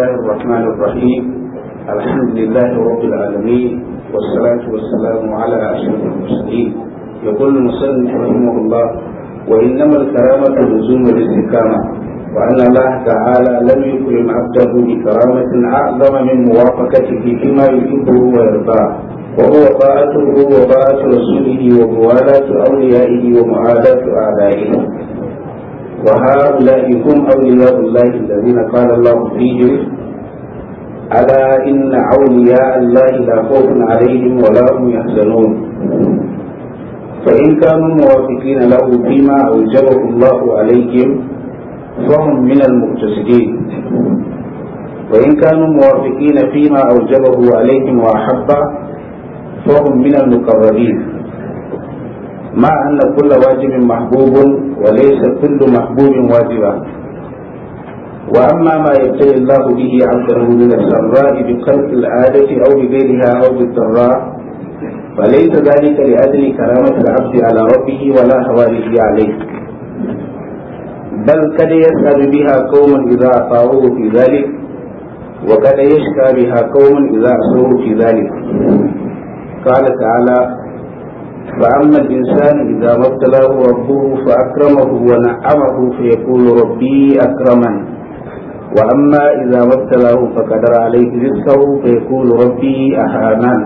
الله الرحمن الرحيم الحمد لله رب العالمين والصلاة والسلام على أشرف المرسلين يقول المصنف رحمه الله وإنما الكرامة لزوم الاستقامة وأن الله تعالى لم يكرم عبده بكرامة أعظم من موافقته فيما يحبه ويرضاه وهو طاعته وطاعة رسوله وموالاة أوليائه ومعاداة أعدائه وهؤلاء هم أولياء الله الذين قال الله فيهم ألا إن أولياء الله لا خوف عليهم ولا هم يحزنون فإن كانوا موافقين له فيما أوجبه الله عليهم فهم من المقتصدين وإن كانوا موافقين فيما أوجبه عليهم وأحبه فهم من المقربين ما أن كل واجب محبوب وليس كل محبوب واجبا وأما ما يبتلي الله به عبده من السراء بخلق العادة أو بغيرها أو بالضراء فليس ذلك لأجل كرامة العبد على ربه ولا حواله عليه بل قد يسأل بها قوم إذا أطاعوه في ذلك وقد يشكى بها قوم إذا أسوه في ذلك قال تعالى فأما الإنسان إذا ما ابتلاه ربه فأكرمه ونعمه فيقول ربي أكرمن وأما إذا ما ابتلاه فقدر عليه رزقه فيقول ربي أهانن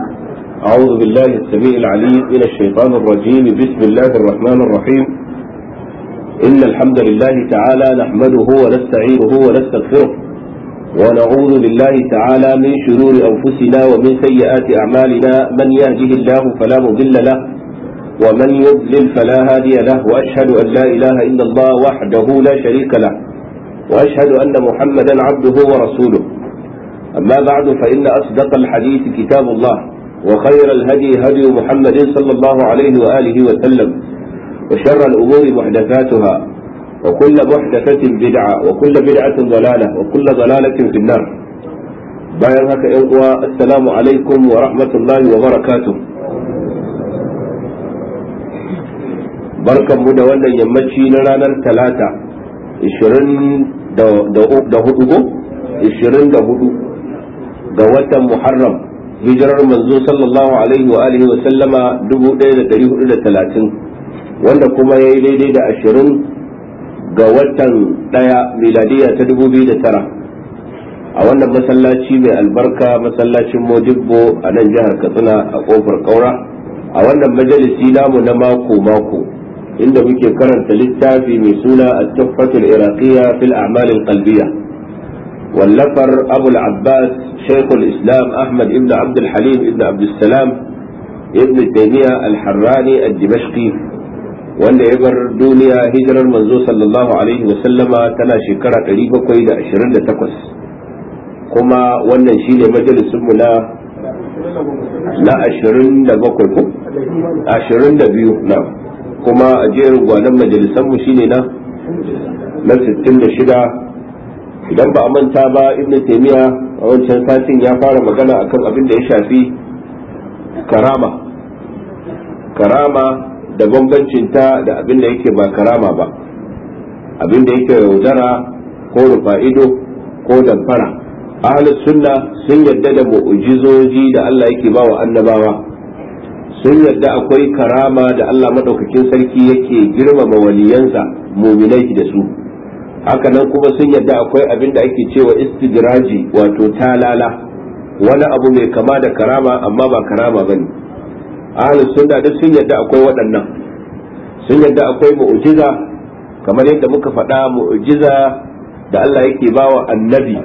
أعوذ بالله السميع العليم إلى الشيطان الرجيم بسم الله الرحمن الرحيم إن الحمد لله تعالى نحمده ونستعينه ونستغفره ونعوذ بالله تعالى من شرور أنفسنا ومن سيئات أعمالنا من يهده الله فلا مضل له ومن يضلل فلا هادي له واشهد ان لا اله الا الله وحده لا شريك له واشهد ان محمدا عبده ورسوله اما بعد فان اصدق الحديث كتاب الله وخير الهدي هدي محمد صلى الله عليه واله وسلم وشر الامور محدثاتها وكل محدثة بدعة وكل بدعة ضلالة وكل ضلالة في النار بايرك السلام عليكم ورحمة الله وبركاته barkanmu da wannan yammaci na ranar talata 24 ga watan muharram hijirar manzo sallallahu alaihi wa alihi wa sallama 1430 wanda kuma ya yi daidai da 20 ga watan daya miladiya ta 2009 a wannan masallaci mai albarka masallacin modibbo a nan jihar katsina a kofar kaura a wannan majalisi namu na mako mako inda muke karanta littafi mai suna a tuhfatul iraqiyya fil a'mal al-qalbiyya wallafar abu al-abbas shaykhul islam ahmad ibn abd al-halim ibn abd salam ibn taymiya al-harrani ad-dimashqi wanda ya bar duniya hijirar manzo sallallahu alaihi wa sallama tana shekara 728 kuma wannan shine majalisin mu na na 27 ko 22 na'am kuma a jerin gwanon majalisan mu shine na na 66 idan ba a manta ba ibn taymiya a wancan satin ya fara magana akan abin da ya shafi karama karama da bambancinta da abin da yake ba karama ba abin da yake yaudara ko rufa'ido ko damfara ahlus sunna sun yadda da mu'ujizoji da Allah yake ba wa annabawa sun yarda akwai karama da Allah madaukakin sarki yake girmama waliyansa muminai da su haka nan kuma sun yarda akwai abin da ake cewa istidraji wato talala wani abu mai kama da karama amma ba karama bane ahlus sunna duk sun yarda akwai waɗannan sun yarda akwai mu'jiza kamar yadda muka faɗa mu'jiza da Allah yake bawa annabi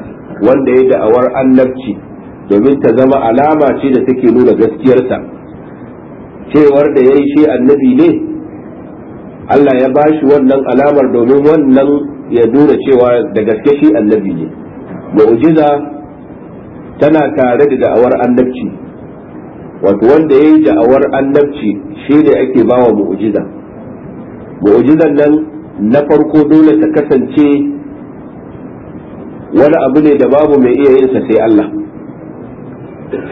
wanda ya da'awar annabci domin ta zama alama ce da take nuna gaskiyarsa cewar da ya yi shi annabi ne Allah ya ba shi wannan alamar domin wannan ya nuna cewa da gaske shi annabi ne mu'jiza tana tare da da'awar annabci wato wanda ya yi da'awar annabci shi ne ake ba wa mu'jiza mu'jizan nan na farko dole ta kasance wani abu ne da babu mai iya yinsa sai Allah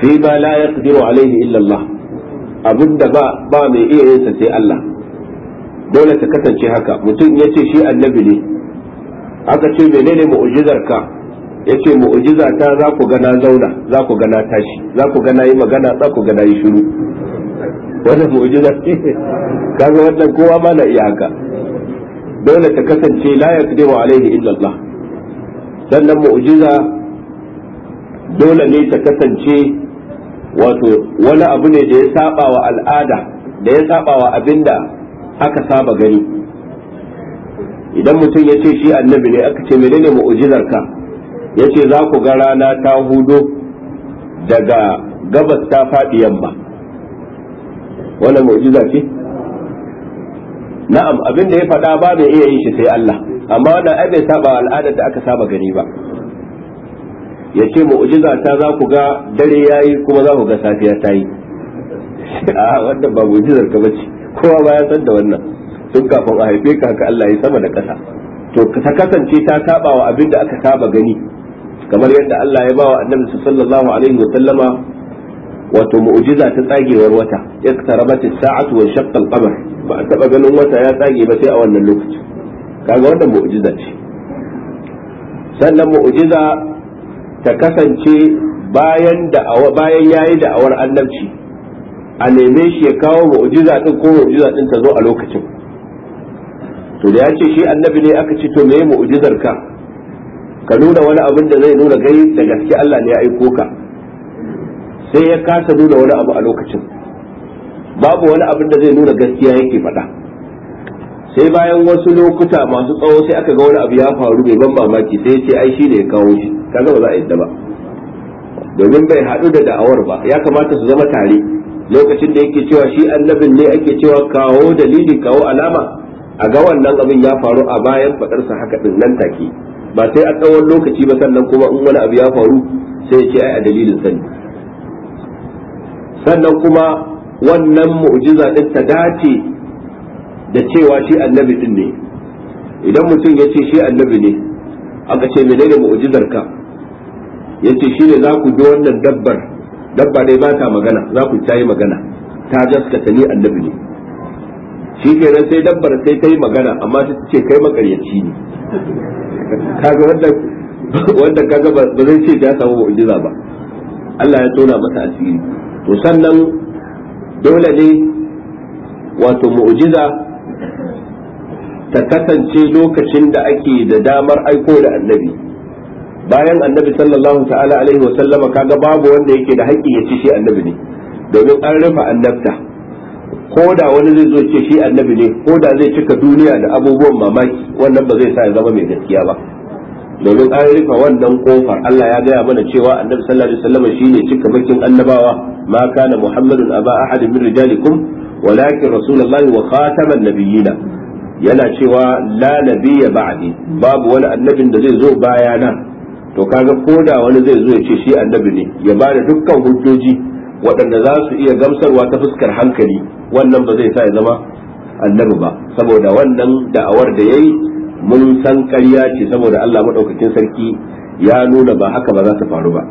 fi ma la yaqdiru alaihi illallah abin da ba ba mai iya yin sa sai Allah dole ta kasance haka mutum ya ce shi annabi ne aka ce menene mu'jizar ka ya ce mu'jiza ta za ku gana zauna za ku gana tashi za ku gana yi magana za ku gana yi shiru wannan mu'jiza kaga wannan kowa ma na iya haka dole ta kasance la yaqdiru alaihi illa Allah sannan mu'jiza dole ne ta kasance wato wani abu ne da ya saba wa al'ada da ya saba wa abinda aka saba gani idan mutum ya ce shi annabi ne aka ce menene mu'ujizar ka ya ce za ku ga rana ta hudo daga gabas ta faɗi yamma wannan mu'jiza ce na'am abin da ya faɗa ba mai iya yin shi sai Allah amma wannan ai bai saba al'ada da aka saba gani ba ya ce mu'jiza ta za ku ga dare ya yi kuma za ku ga safiya ta yi a ah, ba mu'jizar ka bace kowa ba ya san da wannan tun kafin a haife ka haka Allah ya sama da ƙasa to ta kasance ta saba wa abin da aka saba gani kamar yadda Allah ya bawa annabi sallallahu alaihi wa sallama wato mu'jiza ta tsagewar wata iqtarabat as-sa'atu wa shaqqa al-qamar ba a taba ganin wata ya tsage ba sai a wannan lokaci kaga wannan mu'jiza ce sannan mu'jiza ta kasance bayan yayi da'awar annabci a neme shi ya kawo mu'jiza din ko mu'jiza din ta zo a lokacin to da ya ce shi annabi ne aka ce to me mu'jizar ka ka nuna wani abin da zai nuna gai da gaske Allah ne ya aiko ka sai ya kasa nuna wani abu a lokacin babu wani abin da zai nuna gaskiya yake faɗa sai bayan wasu lokuta masu tsawo sai aka ga wani abu ya faru mai ban mamaki sai ya ce ai shi ne ya kawo shi kaga ba za a yadda ba domin bai haɗu da da'awar ba ya kamata su zama tare lokacin da yake cewa shi annabin ne ake cewa kawo dalili kawo alama a ga wannan abin ya faru a bayan faɗarsa haka ɗin nan take ba sai a tsawon lokaci ba sannan kuma in wani abu ya faru sai ya ce ai a dalilin sani sannan kuma wannan mu'jiza din ta dace da cewa shi annabi din ne idan mutum ya ce shi annabi ne aka ce menene mu'jizar ka ya ce shi ne za ku bi wannan dabbar dabba dai ba ta magana za ku ta yi magana ta gaskata ni annabi ne shi nan sai dabbar sai ta yi magana amma ta ce kai makaryaci ne kaga wanda wanda kaga ba zai ce ta samu mu'jiza ba Allah ya tona masa asiri to sannan dole ne wato mu'jiza ta kasance lokacin da ake da damar aiko da annabi bayan annabi sallallahu ta'ala alaihi wa sallama kaga babu wanda yake da haƙƙi ya ci shi annabi ne domin an rufe annabta ko da wani zai zo ce shi annabi ne ko da zai cika duniya da abubuwan mamaki wannan ba zai sa ya zama mai gaskiya ba domin an rufe wannan kofar Allah ya gaya mana cewa annabi sallallahu alaihi wasallam shine cika bakin annabawa ma kana muhammadun aba ahadin min rijalikum walakin rasulullahi wa khataman nabiyina yana cewa la nabiyya ba'di babu wani annabin da zai zo baya na, to kaga koda wani zai zo ya ce shi annabi ne ya bada dukkan hujjoji waɗanda za su iya gamsarwa ta fuskar hankali wannan ba zai sa ya zama annabi ba saboda wannan da'awar da yayi mun san ƙarya ce saboda Allah madaukakin sarki ya nuna ba haka ba za ta faru ba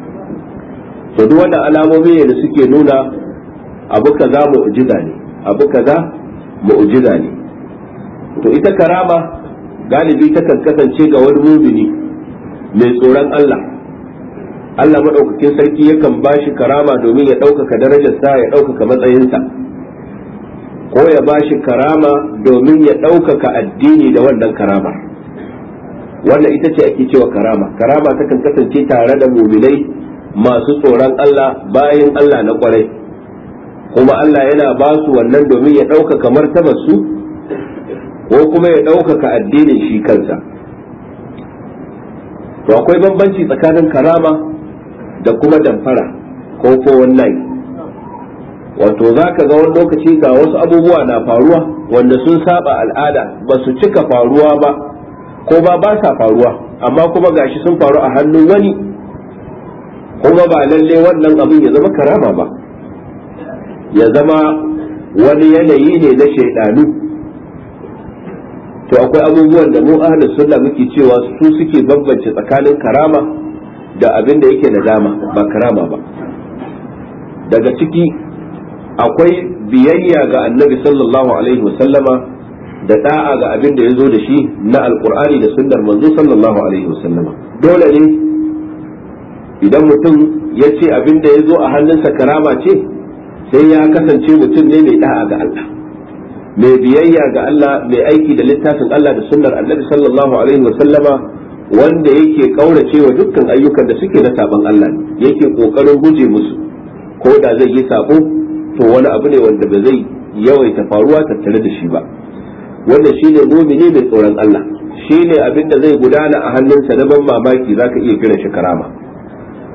to duk wannan alamomi ne da suke nuna abu kaza mu'jiza ne abu kaza mu'jiza ne to ita karama galibi takan kasance ga wani mumini mai tsoron Allah Allah maɗaukakin sarki yakan ba shi karama domin ya ɗaukaka darajarsa ya ɗaukaka matsayinsa ko ya ba shi karama domin ya ɗaukaka addini da wannan karama wannan ita ce ake cewa karama karama takan kasance tare da muminai masu tsoron Allah bayan Allah na kwarai kuma Allah yana ba su wannan domin ya ɗaukaka su. ko kuma ya ɗaukaka addinin shi kansa to akwai bambanci tsakanin karama da kuma damfara ko ko wallahi wato za ka ga wani lokaci ga wasu abubuwa na faruwa wanda sun saba al'ada ba su cika faruwa ba ko ba ba sa faruwa amma kuma gashi sun faru a hannun wani kuma ba lalle wannan abin ya zama karama ba ya zama wani yanayi ne na shaidanu to akwai abubuwan da mu ahlus sunna muke cewa su suke bambance tsakanin karama da abin da yake nadama ba karama ba daga ciki akwai biyayya ga annabi sallallahu alaihi wasallama da da'a ga abin da ya zo da shi na alkur'ani da sunnar manzo sallallahu alaihi wasallama dole ne idan mutum ya ce abin da ya zo a hannunsa karama ce sai ya kasance mutum ne mai da'a ga Allah mai biyayya ga Allah mai aiki da littafin Allah da sunnar annabi sallallahu alaihi wa sallama wanda yake ƙauracewa dukkan ayyukan da suke na saban Allah yake kokarin guje musu ko da zai yi sabo to wani abu ne wanda ba zai yawaita faruwa tattare da shi ba wanda shi ne mumini mai tsoron Allah shi ne abin da zai gudana a hannunsa na ban mamaki zaka iya kiran shi karama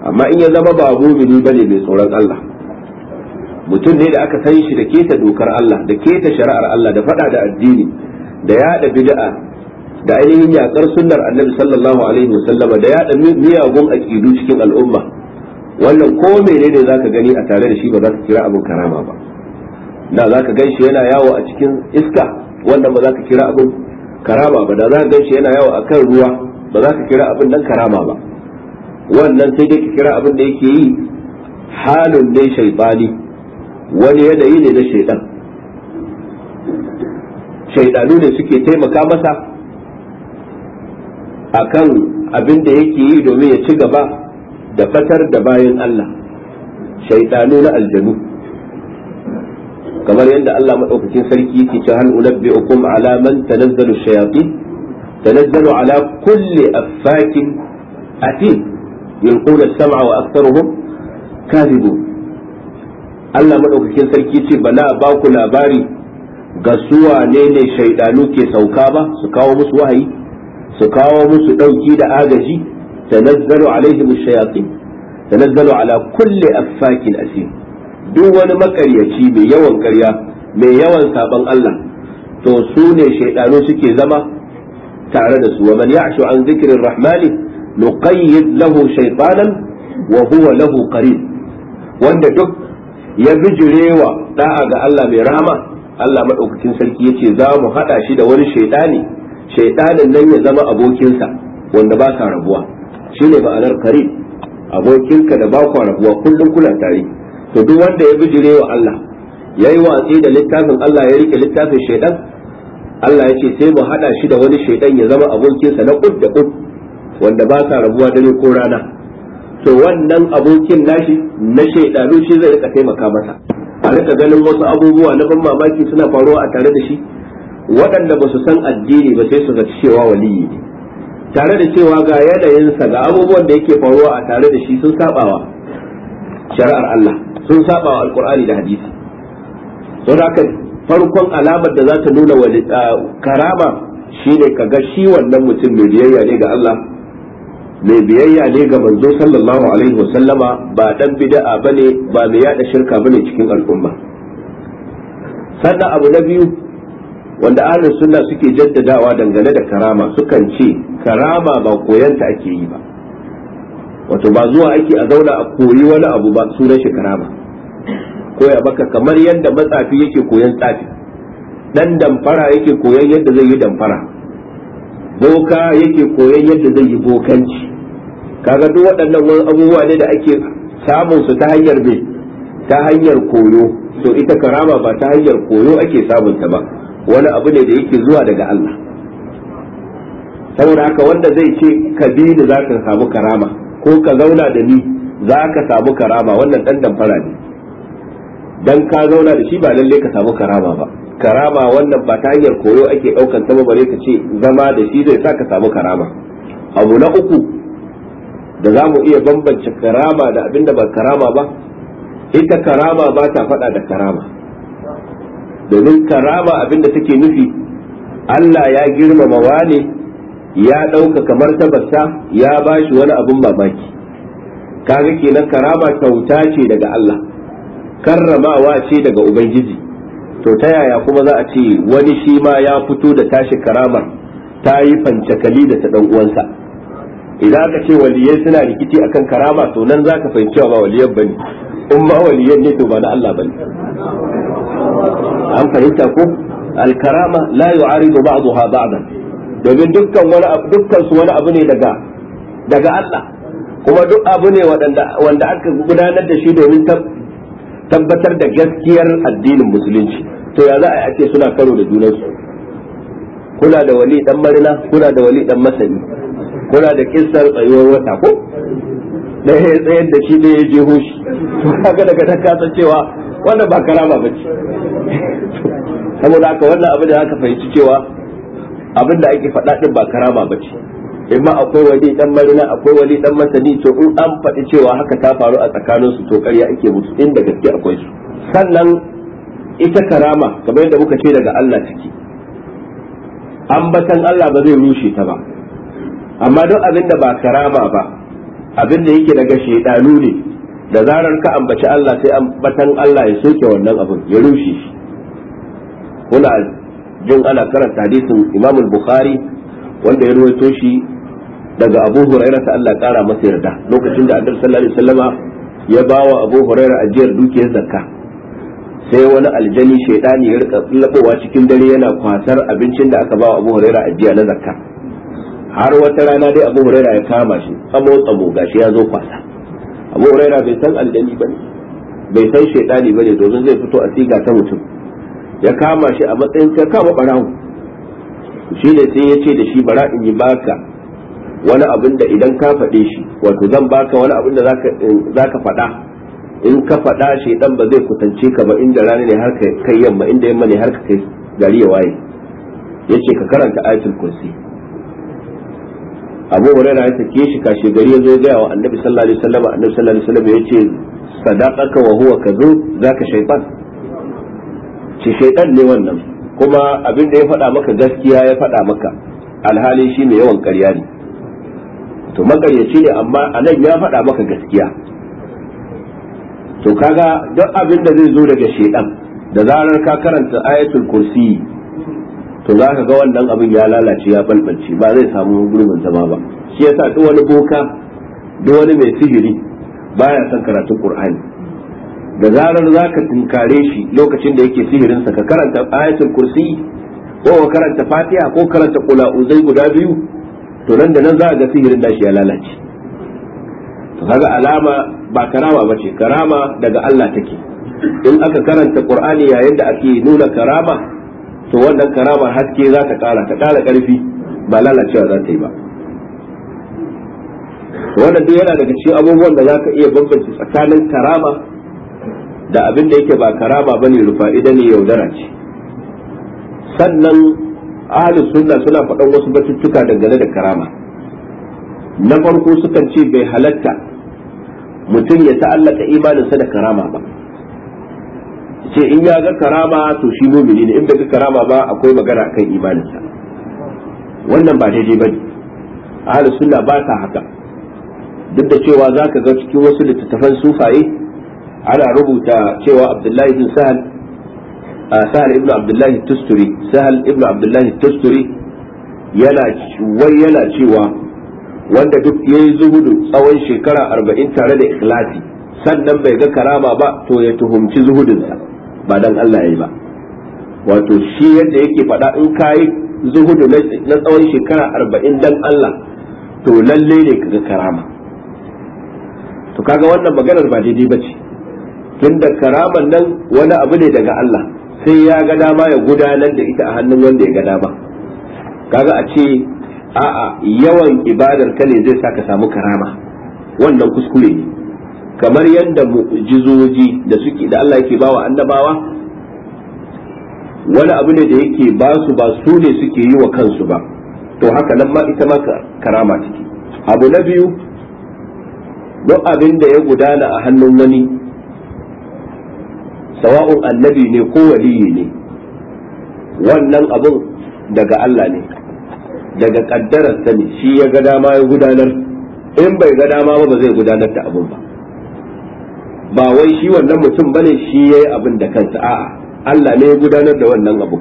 amma in ya zama ba mumini bane mai tsoron Allah mutum ne da aka san shi da keta dokar Allah da keta shari'ar Allah da fada da addini da yada bid'a da ainihin yakar sunnar annabi sallallahu alaihi wasallam da yada miyagun aqidu cikin al'umma wannan ko menene zaka gani a tare da shi ba za ka kira abin karama ba da zaka ka shi yana yawo a cikin iska wannan ba za ka kira abin karama ba da za ka shi yana yawo akan ruwa ba za ka kira abin nan karama ba wannan sai dai ka kira abin da yake yi halin ne shaibani wani yanayi ne na shaidan shaidanu ne suke taimaka masa akan abin da yake yi domin ya ci gaba da fatar da bayan Allah shaidanu na aljanu kamar yadda Allah maɗaukakin sarki yake ce hal unabbi'ukum ala man tanazzalu shayatin tanazzalu ala kulli affakin atin yulquna sama wa aktharuhum kadhibun Allah madaukakin sarki ce bala ba ku labari ga su wane ne shaidanu ke sauka ba su kawo musu wahayi su kawo musu ɗauki da agaji tanazzalu alaihim shayatin tanazzalu ala kulli affakin asim duk wani makaryaci mai yawan karya mai yawan saban Allah to su ne shaidanu suke zama tare da su wa man ya'shu an zikrir rahmani nuqayyid lahu shaytanan wa huwa lahu qarin wanda duk ya bijirewa da'a ga Allah mai rahama Allah maɗaukacin sarki yace za mu hada shi da wani shaiɗani-shaiɗanin nan ya zama abokinsa wanda ba sa rabuwa shine ma'anar karim abokinka da ba ku rabuwa kullum kuna tare to duk wanda ya bijirewa Allah yayi watsi da littafin Allah ya rike littafin shaiɗan, Allah ya ce sai mu haɗa shi da wani shaiɗan ya zama abokinsa na kud da kud wanda ba sa rabuwa dare ko rana to wannan abokin nashi na shaidanu shi zai rika taimaka masa a rika ganin wasu abubuwa na ban mamaki suna faruwa a tare da shi waɗanda ba su san addini ba sai su ga cewa waliyi ne tare da cewa ga yanayinsa ga abubuwan da yake faruwa a tare da shi sun sabawa shari'ar Allah sun sabawa alkur'ani da hadisi don haka farkon alamar da za ta nuna ah, karama shine ka ga shi wannan mutum mai biyayya ne ga Allah mai biyayya ne ga manzo sallallahu alaihi wasallama ba dan bid'a bane ba mai yada shirka bane cikin al'umma sannan abu na biyu wanda ahlus sunna suke jaddadawa dangane da karama sukan ce karama ba koyanta ake yi ba wato ba zuwa ake a zauna a koyi wani abu ba sunan shi karama koya baka kamar yadda matsafi yake koyan tsafi dan damfara yake koyan yadda zai yi damfara boka yake koyan yadda zai yi bokanci kaga duk waɗannan wani abubuwa ne da ake samun su ta hanyar me ta hanyar koyo to ita karama ba ta hanyar koyo ake samun ta ba wani abu ne da yake zuwa daga Allah saboda haka wanda zai ce ka bi ni za ka samu karama ko ka zauna da ni za ka samu karama wannan dan damfara ne dan ka zauna da shi ba lalle ka samu karama ba karama wannan ba ta hanyar koyo ake daukan ta ba bare ka ce zama da shi zai sa ka samu karama abu na uku da za mu iya bambance karama da abin da ba karama ba ita karama ba ta faɗa da karama domin karama abin da take nufi Allah ya girmama ne ya kamar tabarsa ya ba shi wani abin mamaki kaga kenan karama kyauta ce daga Allah karramawa ce daga Ubangiji to ta yaya kuma za a ce wani shi ma ya fito da tashi karamar ta yi fancakali da ta ɗan uwansa idan aka ce waliyai suna rikici akan karama to nan zaka fahimci ba waliyan bane in ma waliyan ne to ba na Allah bane an fahimta ko alkarama la yu'aridu ba'daha ba'dan domin dukkan wani dukkan su wani abu ne daga daga Allah kuma duk abu ne wanda aka gudanar da shi domin tabbatar da gaskiyar addinin musulunci to ya za a ake suna karo da junansu kuna da wali dan marina kuna da wali dan masani kuna da kissar tsayuwar wata ko da ya tsayar da shi ne ya je hoshi haka daga ta kasa cewa wannan ba karama ba ce saboda haka wannan abin da aka fahimci cewa abin da ake faɗa din ba karama ba ce imma akwai wani dan marina akwai wani dan masani to in an faɗi cewa haka ta faru a tsakanin su to ƙarya ake musu inda gaske akwai su sannan ita karama kamar yadda muka ce daga Allah take ambatan Allah ba zai rushe ta ba amma duk abin da ba karama ba abin da yake daga shaidanu ne da zarar ka ambaci Allah sai ambatan Allah ya soke wannan abin ya rushe shi kuna jin ana karanta hadisin Imam al Bukhari wanda ya ruwaito shi daga Abu Hurairah ta Allah kara masa yarda lokacin da Annabi sallallahu alaihi wasallama ya bawa Abu Hurairah ajiyar dukiyar zakka sai wani aljani shaidani ya rika labowa cikin dare yana kwasar abincin da aka bawa Abu Hurairah ajiya na zakka har wata rana dai abu huraira ya kama shi tsamo tsamo gashi ya zo kwasa abu huraira bai san aljani bane bai san shaidani bane domin zai fito a siga ta mutum ya kama shi a matsayin ka kama barawo shi ne sai ya ce da shi bara in yi baka wani abin da idan ka faɗe shi wato zan baka wani abin da za ka eh, faɗa in ka faɗa ɗan ba zai kusance ka ba inda rana ne har kai yamma inda yamma ne har kai gari ya waye yace ka karanta ayatul kursi abu hurairah ya sake shi kashe gari ya zo gaya wa annabi sallallahu alaihi wasallam annabi sallallahu alaihi wasallam yace sadaqaka wa huwa kazu zaka shaytan ce shaytan ne wannan kuma abin da ya faɗa maka gaskiya ya faɗa maka alhali shi mai yawan ƙarya ne to makaryaci ne amma anan ya faɗa maka gaskiya to kaga duk abin da zai zo daga shaytan da zarar ka karanta ayatul kursi to za ka ga wannan abin ya lalace ya balbalce ba zai samu gurbin zama ba shi yasa duk wani boka duk wani mai sihiri baya son karatun qur'ani da zarar za ka tunkare shi lokacin da yake sa ka karanta ayatul kursi ko ka karanta fatiha ko karanta kula uzai guda biyu to nan da nan za ga sihirin dashi ya lalace to kaga alama ba karama bace karama daga Allah take in aka karanta qur'ani yayin da ake nuna karama to wannan karamar haske za ta kara ta kara karfi ba lalacewa za ta yi ba wannan duk yana daga cikin abubuwan da za ka iya bambanci tsakanin karama da abin da yake ba karama bane rufa'ida ne yaudara ce sannan ahlus sunna suna faɗan wasu batuttuka dangane da karama na farko sukan ce bai halatta mutum ya ta'allaka imaninsa da karama ba ce in ya ga karama to shi mumini ne in bai ga karama ba akwai magana akan imaninsa wannan ba daidai bane ahli sunna ba ta haka duk da cewa zaka ga cikin wasu littattafan sufaye ana rubuta cewa abdullahi bin sahal sahal ibnu abdullahi tusturi sahal ibnu abdullahi tusturi yana wai yana cewa wanda duk yayi zuhudu tsawon shekara arba'in tare da ikhlasi sannan bai ga karama ba to ya tuhumci zuhudinsa ba dan Allah yayi ba wato shi yadda yake faɗa in kayi zuhudu na tsawon shekara arba'in dan Allah to lalle ne kaga karama to kaga wannan maganar ba daidai ba ce tunda karaman nan wani abu ne daga Allah sai ya ga dama ya gudanar da ita a hannun wanda ya ga dama kaga a ce a'a yawan ibadar ka ne zai sa ka samu karama wannan kuskure ne kamar yadda mu'jizoji da suke da Allah yake bawa annabawa wani abu ne da yake ba su ba su ne suke yi wa kansu ba to haka nan ma ita ma karama ciki abu na biyu duk abin da ya gudana a hannun wani sawa'un annabi ne ko waliyi ne wannan abun daga Allah ne daga kaddararsa ne shi ya ga dama ya gudanar in bai ga dama ba zai gudanar da abun ba ba wai shi wannan mutum bane shi yayi abin da kansa a'a Allah ne ya gudanar da wannan abu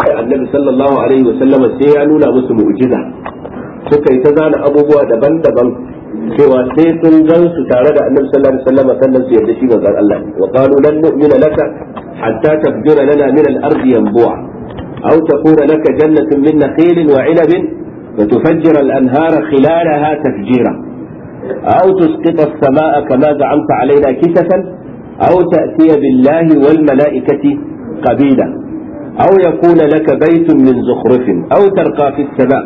sai annabi sallallahu alaihi wa sallama sai ya nuna musu mu'jiza suka yi ta zana abubuwa daban-daban cewa sai sun gan su tare da annabi sallallahu alaihi wa sallama sannan su yarda shi manzon Allah wa qalu lan nu'mina laka hatta tafjura lana min al-ardi yanbu'a aw takuna laka jannatun min nakhilin wa 'inabin وتفجر الأنهار خلالها تفجيرا أو تسقط السماء كما زعمت علينا كسفا أو تأتي بالله والملائكة قبيلا أو يكون لك بيت من زخرف أو ترقى في السماء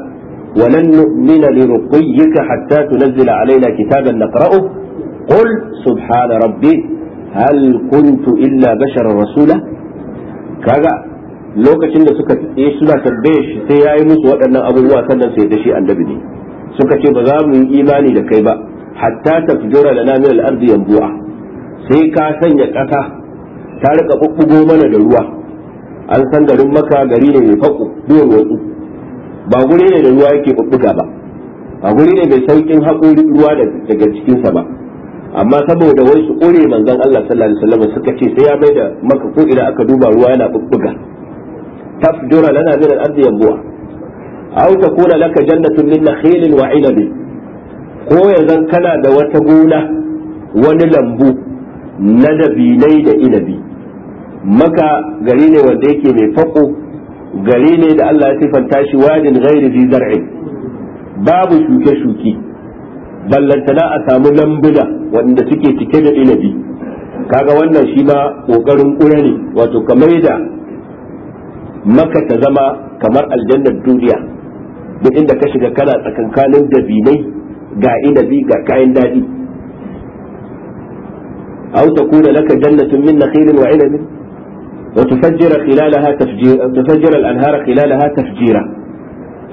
ولن نؤمن لرقيك حتى تنزل علينا كتابا نقرأه قل سبحان ربي هل كنت إلا بشرا رسولا كذا lokacin da suka yi suna tambaye shi sai ya yi musu waɗannan abubuwa sannan sai da shi annabi ne suka ce ba za mu yi imani da kai ba hatta da lana min al-ard buwa sai ka sanya ƙasa ta rika bubbugo mana da ruwa an san garin maka gari ne mai fako duwan wasu ba guri ne da ruwa yake bubbuga ba a guri ne mai saukin haƙori ruwa daga cikinsa ba amma saboda wai su ƙure manzon Allah sallallahu alaihi wasallam suka ce sai ya mai da maka ko ina aka duba ruwa yana bubbuga tafjura lana min al-ard yanbu'a aw takuna laka jannatun min nakhilin wa 'inabin ko yanzu kana da wata gona wani lambu na dabinai da inabi maka gari ne wanda yake mai fako gari ne da Allah ya sifanta shi wadin ghairi zi zar'in babu shuke-shuke ballantana a samu lambuna wanda suke cike da inabi kaga wannan shi ma kokarin ƙura ne wato kamar da maka ta zama kamar aljannar duniya duk inda ka shiga kana tsakankanin dabinai ga inabi ga kayan daɗi aw takuna laka jannatun min nakhilin wa inabin wa tufajjira khilalaha tafjira tufajjira al-anhara khilalaha tafjira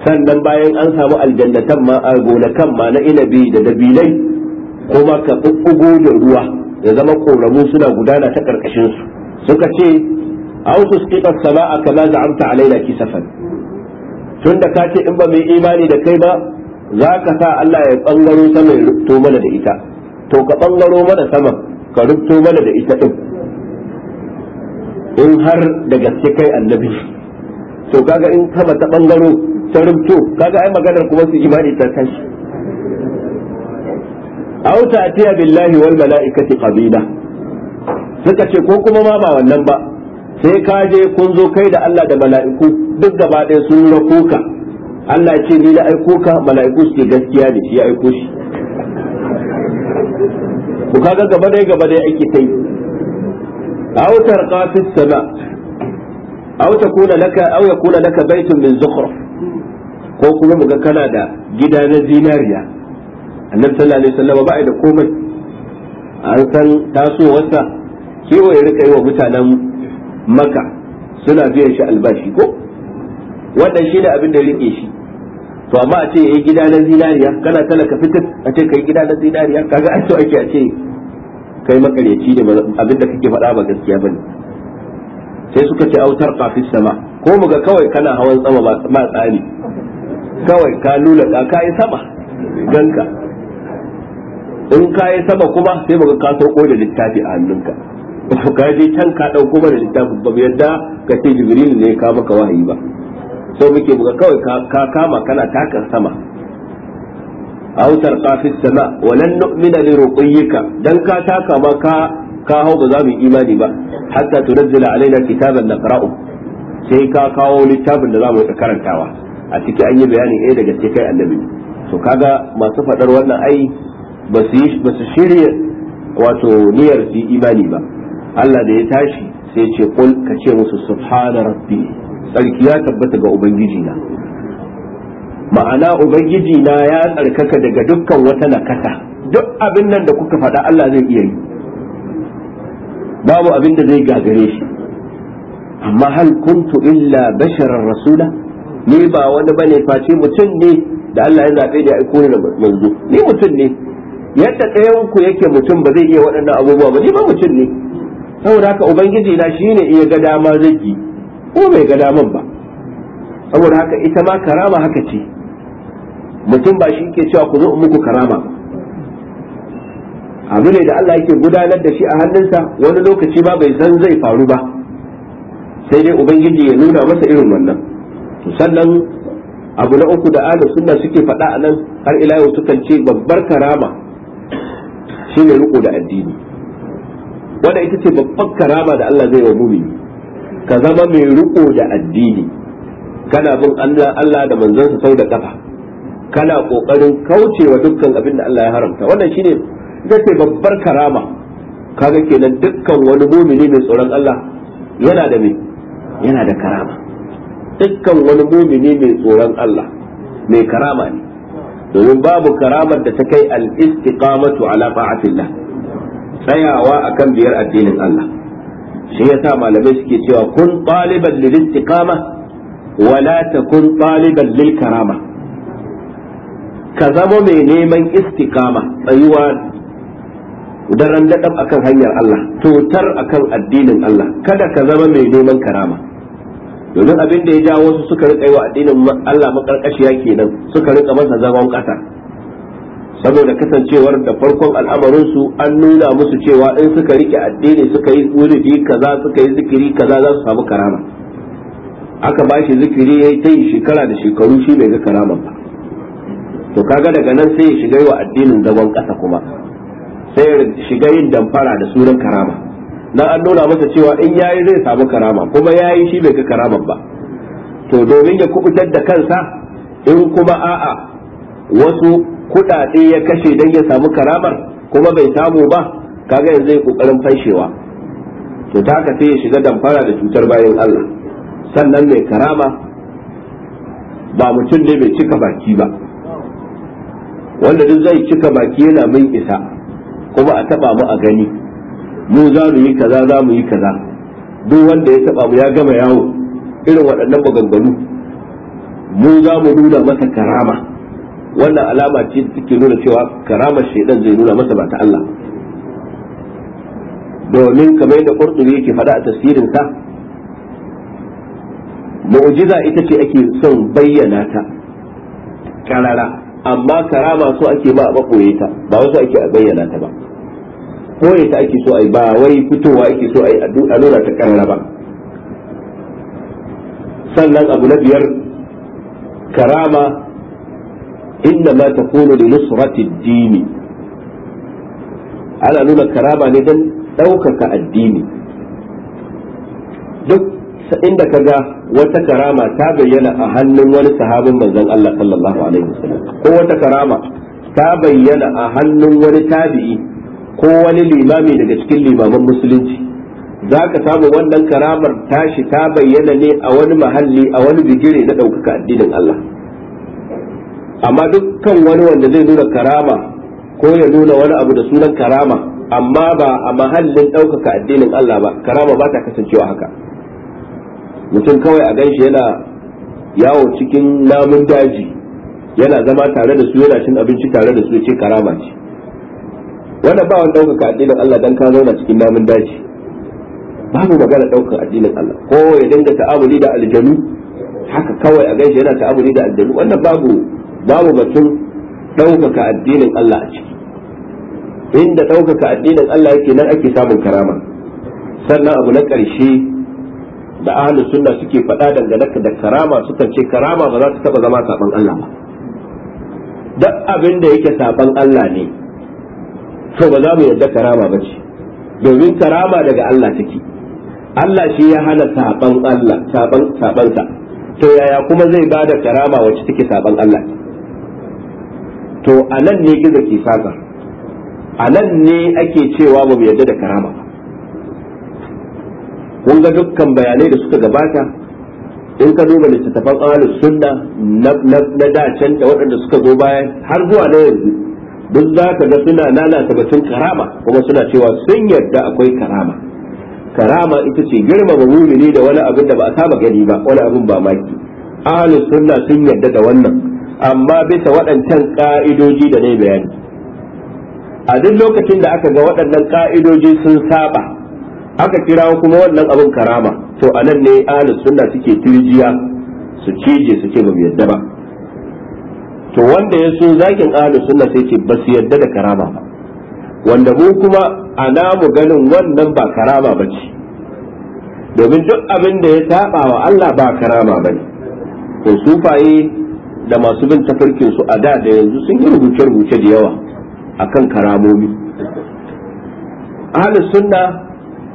sannan bayan an samu aljannatan ma a gonakan ma na inabi da dabilai kuma ka bubbugo da ruwa ya zama koramu suna gudana ta karkashin su suka ce aw tusqita as-sama'a kama za'amta alaina kisafan tunda ka ce in ba mai imani da kai ba za ka sa Allah ya ɓangaro sama ya rubto mana da ita to ka ɓangaro mana sama ka rubto mana da ita ɗin in har da gaske kai annabi to kaga in kama ta ɓangaro ta rubto kaga ai maganar kuma su imani ta tashi aw ta'tiya billahi wal mala'ikati qabila suka ce ko kuma ma ba wannan ba sai ka je kun zo kai da Allah da mala'iku duk gaba ɗaya sun rakuka ka Allah ce ni na aiko ka mala'iku suke gaskiya ne shi ya aiko shi ku kaga gaba dai gaba dai ake kai aw tarqa fi sama aw takuna laka aw yakuna laka baytun min zukhra ko kuma muga kana da gida na zinariya annabi sallallahu alaihi wasallam ba da komai an san tasowarsa kewaye rika yi wa mutanen maka suna biyan shi albashi ko wannan shi ne abin da rike shi to amma a ce yayi gida na zinariya kana talaka fitir a ce kai gida na zinariya kaga ai so ake a ce kai makaryaci ne abin da kake faɗa ba gaskiya bane sai suka ce autar kafis sama ko muga kawai kana hawan sama ba tsari kawai ka lula ka kai sama ganka in ka yi sama kuma sai muga ka sauko da littafi a hannunka ka je can ka ɗauko mana littafin ba yadda ka ce jibril ne ka maka wahayi ba so muke buga kawai ka kama kana takan sama aw tarqa fi sama wa lan nu'mina li ruqayyika dan ka taka ma ka ka hau ba za mu imani ba hatta tunzila alaina kitaban naqra'u sai ka kawo littafin da za mu karantawa a ciki an yi bayani ɗaya eh daga cikin kai annabi to kaga masu faɗar wannan ai ba su shirya wato niyyar su imani ba Allah da ya tashi sai ce kul ka ce musu subhana rabbi tsarki ya tabbata ga ubangiji na ma'ana ubangiji na ya tsarkaka daga dukkan wata nakasa duk abin nan da kuka faɗa Allah zai iya yi babu abin da zai gagare shi amma hal kuntu illa basharar rasula ni ba wani bane face mutum ne da Allah ya zaɓe da ya aiko ni da manzo ni mutum ne yadda ɗayan ku yake mutum ba zai iya waɗannan abubuwa ba ni ba mutum ne saboda haka ubangiji na shine iya ga dama zai ko bai ga daman ba saboda haka ita ma karama haka ce mutum ba shi ke cewa ku zo muku karama abu ne da Allah yake gudanar da shi a hannunsa wani lokaci ba bai san zai faru ba sai dai ubangiji ya nuna masa irin wannan sannan abu na uku da ahlus sunna suke faɗa a nan har ila yau sukan ce babbar karama shine riko da addini wanda ita ce babbar karama da Allah zai wa mumini ka zama mai riko da addini kana bin Allah Allah da manzansa sau da kafa kana kokarin kaucewa dukkan abin da Allah ya haramta wannan shine ita ce babbar karama kaga kenan dukkan wani mumini mai tsoron Allah yana da mai yana da karama dukkan wani mumini mai tsoron Allah mai karama ne domin babu karamar da ta kai al-istiqamatu ala ta'atillah tsayawa akan biyar addinin Allah shi sa malamai suke cewa kun taliban lil istiqama wala ta kun taliban lil karama ka zama mai neman istikama tsayuwa daren daɗam akan hanyar Allah tutar akan addinin Allah kada ka zama mai neman karama domin abin da ya jawo su suka rika yi wa addinin Allah makarƙashiya kenan suka rika masa zagon ƙasa saboda kasancewar da farkon su an nuna musu cewa in suka rike addini suka yi wuridi kaza suka yi zikiri kaza za su samu karama aka ba shi zikiri ya yi ta yi shekara da shekaru shi bai ga karama ba to kaga daga nan sai ya shiga yi wa addinin zagon ƙasa kuma sai ya shiga yin damfara da sunan karama na an nuna masa cewa in yayi zai samu karama kuma yayi shi bai ga karaman ba to domin ya kubutar da kansa in kuma a'a wasu kuɗaɗe ya kashe don ya samu karamar kuma bai samu ba kaga yanzu zai kokarin fashewa to ta haka sai ya shiga damfara da cutar bayan Allah sannan mai karama ba mutum ne mai cika baki ba wanda duk zai cika baki yana min isa kuma a taba mu a gani mu za mu yi kaza za mu yi kaza duk wanda ya taba mu ya gama yawo irin waɗannan maganganu mu za mu nuna masa karama wannan alama ce da take nuna cewa karamar shaidan zai nuna masa ba ta Allah domin kamar yadda ƙurɗuri yake faɗa a tasirin sa mu'jiza ita ce ake son bayyana ta karara amma karama so ake ba a bakoye ta ba wasu ake a bayyana ta ba koye ta ake so ai ba wai fitowa ake so ai a nuna ta karara ba sannan abu na biyar karama inda ma ta kono da nusrati ana nuna karama ne don ɗaukaka addini duk inda ka ga wata karama ta bayyana a hannun wani sahabin manzon Allah sallallahu alaihi wasallam ko wata karama ta bayyana a hannun wani tabi'i ko wani limami daga cikin limaman musulunci za ka samu wannan karamar tashi ta bayyana ne a wani muhalli, a wani bigire na ɗaukaka addinin Allah amma dukkan wani wanda zai nuna karama ko ya nuna wani abu da sunan karama amma ba a mahallin ɗaukaka addinin Allah ba karama ba ta kasancewa haka mutum kawai a ganshi yana yawo cikin namun daji yana zama tare da su yana cin abinci tare da su ce karama ce wanda ba wani ɗaukaka addinin Allah dan ka zauna cikin namun daji babu magana ɗaukar addinin Allah ko ya dinga ta'amuli da aljanu haka kawai a gaishe yana ta'amuli da aljanu wannan babu babu batun ɗaukaka addinin Allah a ciki inda ɗaukaka addinin Allah yake nan ake samun karama sannan abu na ƙarshe da ahalus sunna suke faɗa dangane da karama sukan ce karama ba za ta taɓa zama sabon Allah ba duk abin da yake sabon Allah ne to ba za mu yarda karama ba ce domin karama daga Allah take Allah shi ya hana sabon Allah saban sabansa to yaya kuma zai bada karama wacce take sabon Allah to a nan ne gizo ke saka a nan ne ake cewa ba mu yarda da karama ba kun ga dukkan bayanai da suka gabata in ka duba littattafan tsawon sunna na da can da waɗanda suka zo baya, har zuwa na yanzu duk za ka ga suna lalata batun karama kuma suna cewa sun yarda akwai karama karama ita ce girmama mumini da wani abin da ba a saba gani ba wani abin ba maki ahalin sunna sun yarda da wannan amma bisa waɗancan ƙa'idoji da ne bayani a duk lokacin da aka ga waɗannan ƙa'idoji sun saba aka kira kuma wannan abin karama to a nan ne ahlus sunna suke turjiya su cije su ce ba mu yadda ba to wanda ya so zakin ahlus suna sai ce ba su yadda da karama ba wanda mu kuma a mu ganin wannan ba karama ba ce domin duk abin da ya saba wa Allah ba karama ba ne to sufaye da masu bin tafarkin su a da da yanzu sun yi rubuce-rubuce da yawa akan karamomi ahlus sunna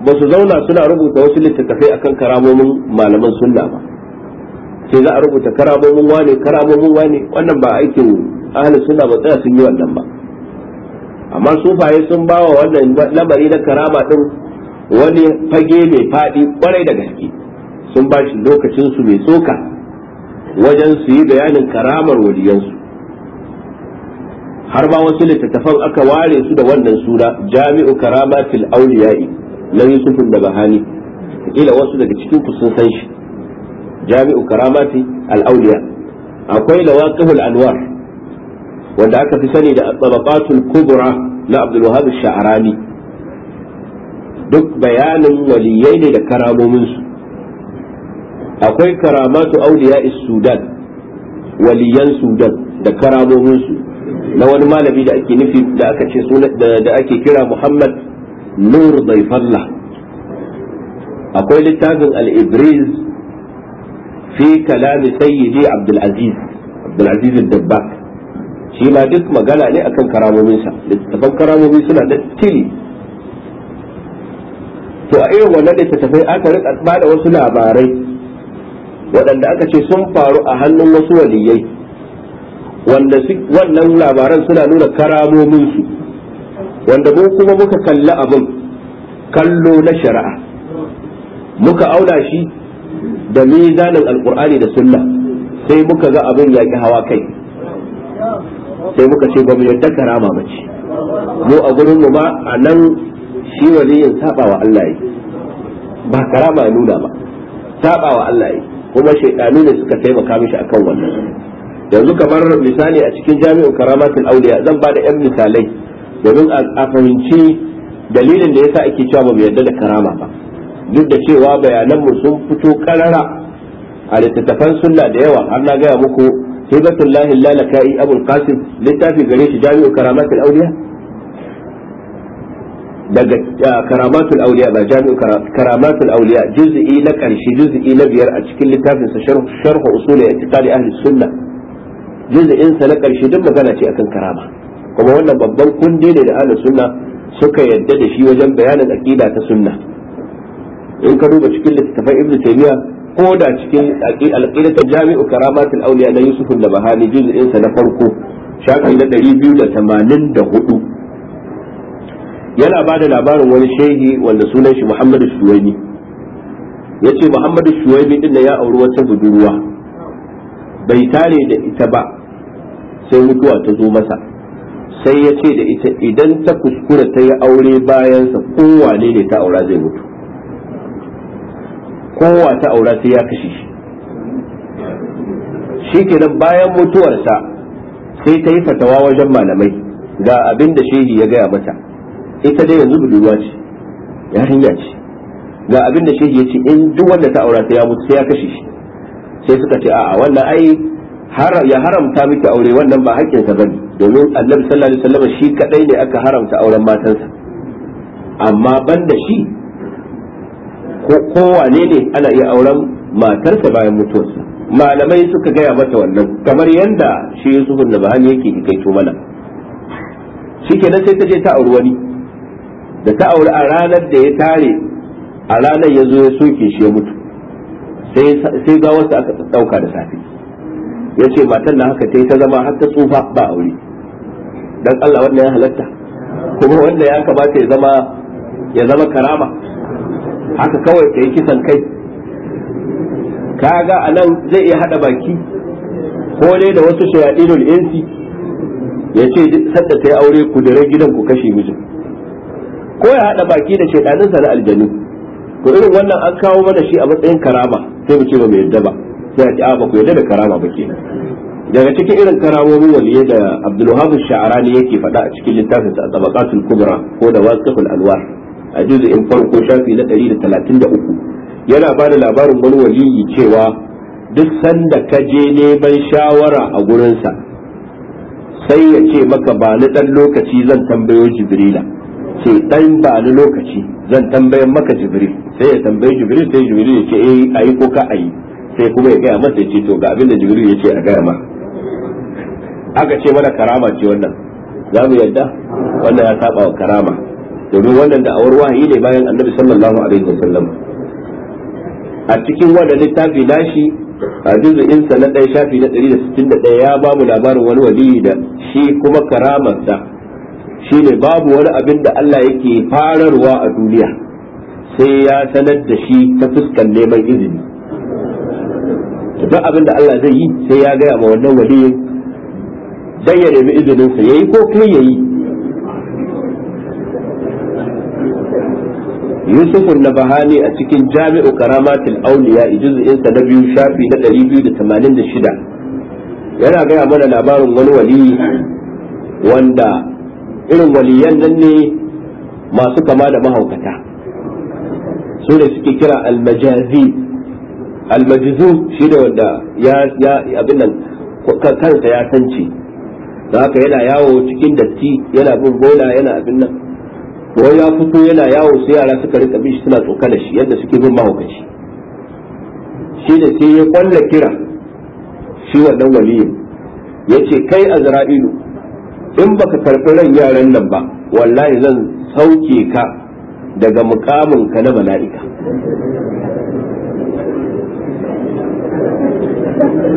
ba su zauna suna rubuta wasu littattafai akan karamomin malaman sunna ba sai za a rubuta karamomin wane karamomin wane wannan ba aikin ahlus sunna ba tsaya sun yi wannan ba amma sufaye sun ba wa wannan lamari na karama din wani fage mai faɗi kwarai da gaske sun ba shi lokacinsu mai tsoka wajen su yi bayanin karamar waliyansu har ma wasu littattafan aka ware su da wannan suna jami'u karamatil auliyai na yusuf da bahani kila wasu daga cikin ku sun san shi jami'u al-auliya akwai lawaqihul anwar wanda aka fi sani da tabaqatul kubra na abdul wahhab sha'rani duk bayanin waliyai ne da karamomin su akwai karamatu auliya sudan waliyan sudan da karamominsu na wani malami da ake nufi da aka ce da ake kira muhammad nur falla akwai littafin al-ibriz fi kalami sayyidi abdulaziz abdulaziz dabba. shi ma duk magana ne akan karamominsa littattafan karamomi suna da tili to a irin wannan littattafai aka rika bada wasu labarai waɗanda aka ce sun faru a hannun wasu waliyai wanda wannan labaran suna nuna karamominsu wanda mu kuma muka kalli abin kallo na shari'a muka auna shi da mizanin alkur'ani da sunna sai muka ga abin ya ƙi hawa kai sai muka ce ba mu yarda karama ba ce mu a gurin mu ma a nan shi waliyin saba Allah yi ba karama ya nuna ba saba Allah yi kuma shaidanu ne suka taimaka mishi akan wannan yanzu kamar misali a cikin jami'in karamatul auliya zan ba da yan misalai domin a fahimci dalilin da yasa ake cewa ba mu yarda da karama ba duk da cewa bayanan mu sun fito karara a littattafan sunna da yawa har na gaya muku batullahi lalaka'i abul qasim littafi gare shi jami'u karamatul auliya daga karamatul auliya ba jami'u karamatul auliya juz'i na karshe juz'i na biyar a cikin littafin sa sharh usul i'tiqadi ahli sunna juz'in sa na karshe duk magana ce akan karama kuma wannan babban kundi ne da ahli sunna suka yadda da shi wajen bayanin aqida ta sunna in ka duba cikin littafin ibn taymiya ko da cikin al ta jami'u karamatul auliya na yusuf al-bahani juz'in sa na farko shafi na 284 yana ba da labarin wani shehi wanda sunan shi muhammadu shuwaibi ya ce muhammadu shuwaibi din da ya auri wata budurwa bai tare da ita ba sai mutuwa ta zo masa sai ya ce da ita idan ta kuskura ta yi aure bayansa kowane ne ta aura zai mutu kowa ta aura sai ya kashe shi shi kenan bayan mutuwarsa sai ta yi fatawa wajen malamai ga abin da shehi ya gaya mata ita dai yanzu budurwa ce ya hanya ce ga abin da shehi yace in duk wanda ta aura sai ya mutu sai ya kashe shi sai suka ce a'a wannan ai ya haramta miki aure wannan ba ka bane domin annabi sallallahu alaihi wasallam shi kadai ne aka haramta auren matansa amma banda shi ko kowane ne ana iya auren matarsa bayan mutuwarsa malamai suka gaya mata wannan kamar yadda shi yusuf da bahani yake hikaito mana Shi kenan sai ta je ta auri wani da ta aure a ranar da ya tare a ranar ya zo ya soke shi ya mutu sai ga wasu aka ɗauka da safe ya ce matan na haka ta yi ta zama har ta tsufa ba aure dan Allah wannan ya halatta kuma wanda ya kamata ya zama ya zama karama haka kawai ka yi kisan kai kaga a nan zai iya haɗa baki ko dai da wasu shayadinul insi ya ce sadda ta yi aure ku gidan ku kashe mijin ko ya hada baki da shaidaninsa na aljanu to irin wannan an kawo mana shi a matsayin karama sai mu ce ba mu yadda ba sai a ba ku yadda da karama ba kenan daga cikin irin karamomin waliyai da Abdulwahab Sha'rani yake faɗa a cikin littafin sa Tabaqatul Kubra ko da Wasiqul Anwar a juz'in farko shafi na 133 yana ba da labarin wani waliyi cewa duk sanda ka je neman shawara a gurinsa sai ya ce maka ba ni ɗan lokaci zan tambayo Jibrila ce dan ba ni lokaci zan tambayar maka jibril sai ya tambayi jibril sai jibril ya ce eh ayi ko ka ayi sai kuma ya gaya masa ya ce to ga abin da jibril ya ce a gaya ma aka ce mana karama ce wannan za mu yadda wannan ya saba wa karama domin wannan da awar wahayi ne bayan annabi sallallahu alaihi wasallam a cikin wannan littafi nashi a juzu'insa na ɗaya shafi na ɗari da sittin da ɗaya ya ba mu labarin wani wali da shi kuma karamarsa ne babu wani abin da Allah yake fararwa a duniya sai ya sanar da shi ta fuskan neman izini duk abin da Allah zai yi sai ya gaya ma wannan waliyin don ya nemi izininsa yayi ko kai yayi Yusuf bahani a cikin Jami'u Karamatul Auliya juz'insa na biyu shafi na shida, yana gaya mana labarin wani wali wanda irin waliyan nan ne masu kama da mahaukata su ne suke kira almajazi almajizu shi da wanda ya abin nan kansa ya sanci da haka yana yawo cikin datti yana bin bola yana abin nan wai ya fito yana yawo su yara suka rika bin shi suna tsokan da shi yadda suke bin mahaukaci shi da sai ya kwalla kira shi wannan waliyin ya ce kai azra'ilu in ba ka karɓi ran yaran nan ba wallahi zan sauke ka daga mukamin ka na mala'ika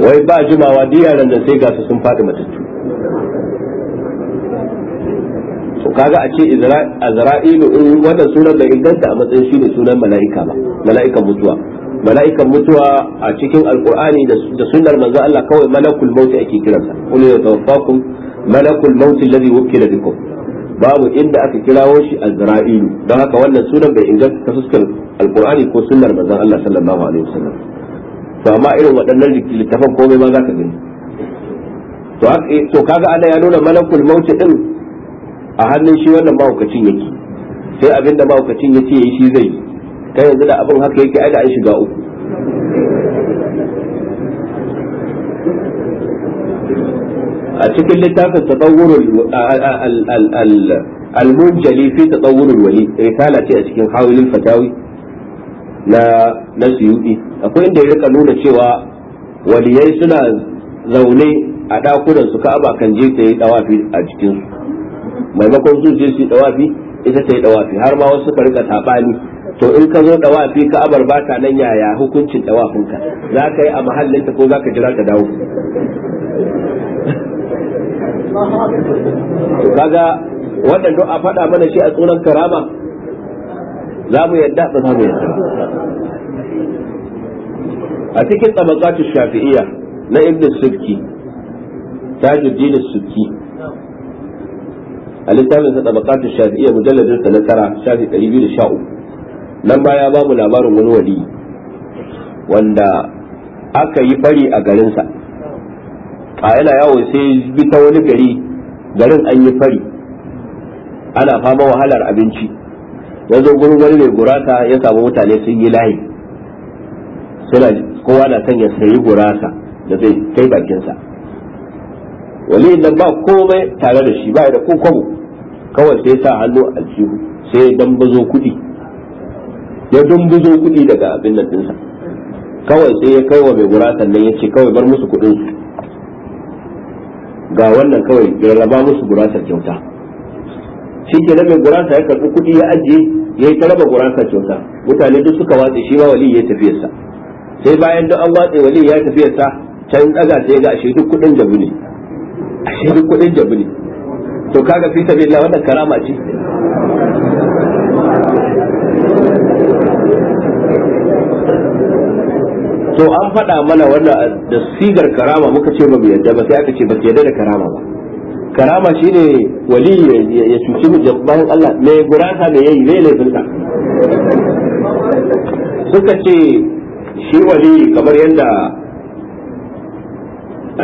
wai ba jimawa duk yaran nan sai gasu sun faɗi matattu to kaga a ce azra'ilu in wannan sunan bai inganta a matsayin shine sunan mala'ika ba mala'ikan mutuwa mala'ikan mutuwa a cikin alkur'ani da sunnar manzo Allah kawai malakul mauti ake kiransa qul yatawaffakum malakul mauti alladhi wukila bikum babu inda aka kirawo shi azra'ilu don haka wannan sunan bai inganta ta fuskar alkur'ani ko sunnar manzo Allah sallallahu alaihi wasallam to amma irin waɗannan littafan komai ma zaka gani to eh, to kaga Allah ya nuna malakul mauti din a hannun shi wannan mahaukacin yake sai abinda mahaukacin yake yi shi zai yi kai yanzu da abin haka yake ai da an shiga uku a cikin littafin tadawwurul al-munjali fi tadawwurul wali risala ce a cikin hawilul fatawi na na suyudi akwai inda ya rika nuna cewa waliyai suna zaune a dakunan su ka'aba kan je ta yi dawafi a cikin su maimakon su je su yi dawafi ita ta yi dawafi har ma wasu suka rika tabani to in ka zo wafi ka abar ba ta nan yaya hukuncin dawafinka za ka yi a mahallinta ko za ka jira ka dawo kaga wannan a faɗa mana shi a tsunan karama za mu yadda ba za mu yadda a cikin tabakatu shafi'iyya na ibn sufki tajuddin sufki a littafin sa tabakatu shafi'iyya mujalladin sa na tara shafi 213 nan baya babu labarin wani wali wanda aka yi fari a garinsa a yana yawo sai bi ta wani gari garin an yi fari ana fama wahalar abinci yanzu gurin wani mai gurasa ya samu mutane sun yi layi suna kowa na son ya sayi gurasa da zai kai bakinsa wali nan ba komai tare da shi ba da ko kawai sai sa hannu a aljihu sai dan bazo kuɗi ya dumbuzo kuɗi daga abin nan dinsa kawai sai ya kai wa mai guratan nan ya ce kawai bar musu kuɗin su ga wannan kawai ya raba musu gurasar kyauta shi ke mai gurasa ya karɓi kuɗi ya ajiye ya yi ta raba gurasa kyauta mutane duk suka watse shi ma wali ya tafiyarsa sai bayan duk an watse wali ya tafiyarsa can ɗaga sai ga ashe duk kuɗin jabu ne ashe duk kuɗin jabu ne to kaga fi sabilillah wannan karama ce to an faɗa mana wannan da sigar karama muka ce ba mu yadda ba sai aka ce ba yadda da karama ba karama shine wali ya cuci mu da bayan Allah me gurasa me yayi ne laifin sa suka ce shi wali kamar yadda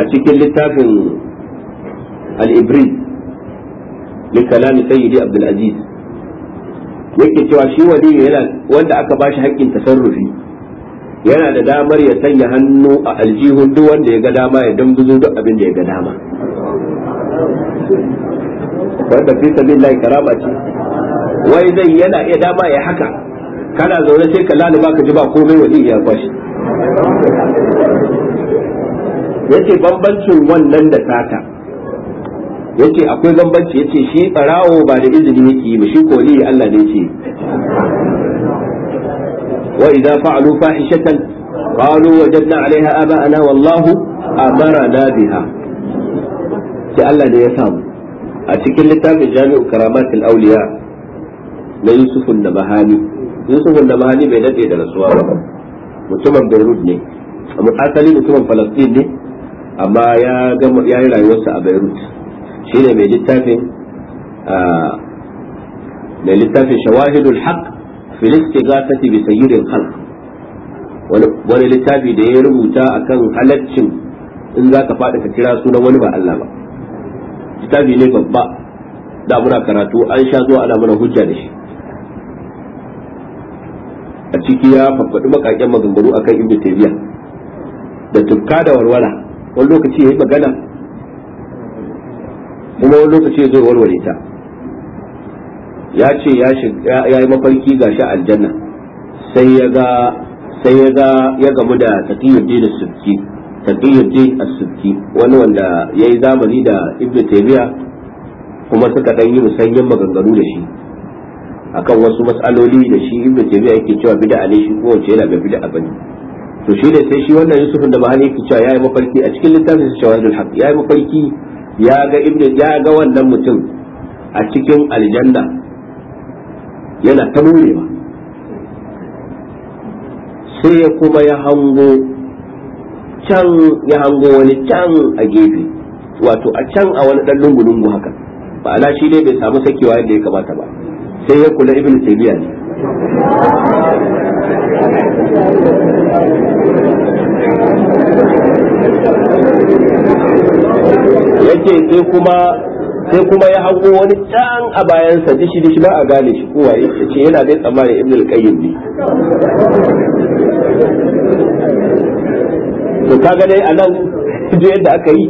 a cikin littafin al-ibri li kalami sayyidi abdul aziz yake cewa shi wali yana wanda aka bashi haƙƙin tasarrufi yana da damar ya sanya hannu a aljihun duk wanda ya ga dama ya dambuzo duk abin da ya ga dama wanda fi sabilillah karama ce wai zai yana iya dama ya haka kana zaune sai ka laluba ka ji ba komai wani ya kwashi yace bambancin wannan da sata yace akwai bambanci yace shi barawo ba da izini yake ba shi koli Allah ne yake وإذا فعلوا فاحشة قالوا وجدنا عليها آباءنا والله أمرنا بها سألنا ليسام أتكل لتاب جامع كرامات الأولياء ليوسف النبهاني يوسف النبهاني بين يدي درسوا mutumin Beirut ne asali mutumin Falastin ne amma ya ya yi rayuwarsa a Beirut shine mai littafin mai littafin Shawahidul Haqq fil istighasati bi sayyidil khalq wani littafi da ya rubuta a kan halaccin in za ka fada ka kira sunan wani ba Allah ba littafi ne babba da muna karatu an sha zuwa ana mana hujja da shi a ciki ya faɗi makaƙen maganganu akan ibnu taymiya da tufka da warwara wani lokaci ya yi magana kuma wani lokaci ya zo warware ta ya ce ya yi mafarki ga shi aljanna sai ya ga sai ya ga ya gamu da taqiyuddin as-subki taqiyuddin as-subki wani wanda yayi zamani da ibnu taymiya kuma suka dan yi musayyan maganganu da shi akan wasu mas'aloli da shi ibnu taymiya yake cewa bid'a ne shi ko wace yana ga bid'a bane to shi ne sai shi wannan yusufin da bahani yake cewa yayi mafarki a cikin littafin shawahidul haq yayi mafarki ya ga ibnu ya ga wannan mutum a cikin aljanna yana ta murewa. sai kuma ya hango can ya hango wani can a gefe wato a can a wani ɗan lungu-lungu haka ma'ana shi ne bai samu sakewa yadda ya kamata ba sai ya kula ibn taymiya ne yake sai kuma sai kuma ya hango wani can a bayansa dishi dishi ba a gane shi kowa ya ce yana dai tsammani ibn al-qayyim ne to kaga dai a nan duk yadda aka yi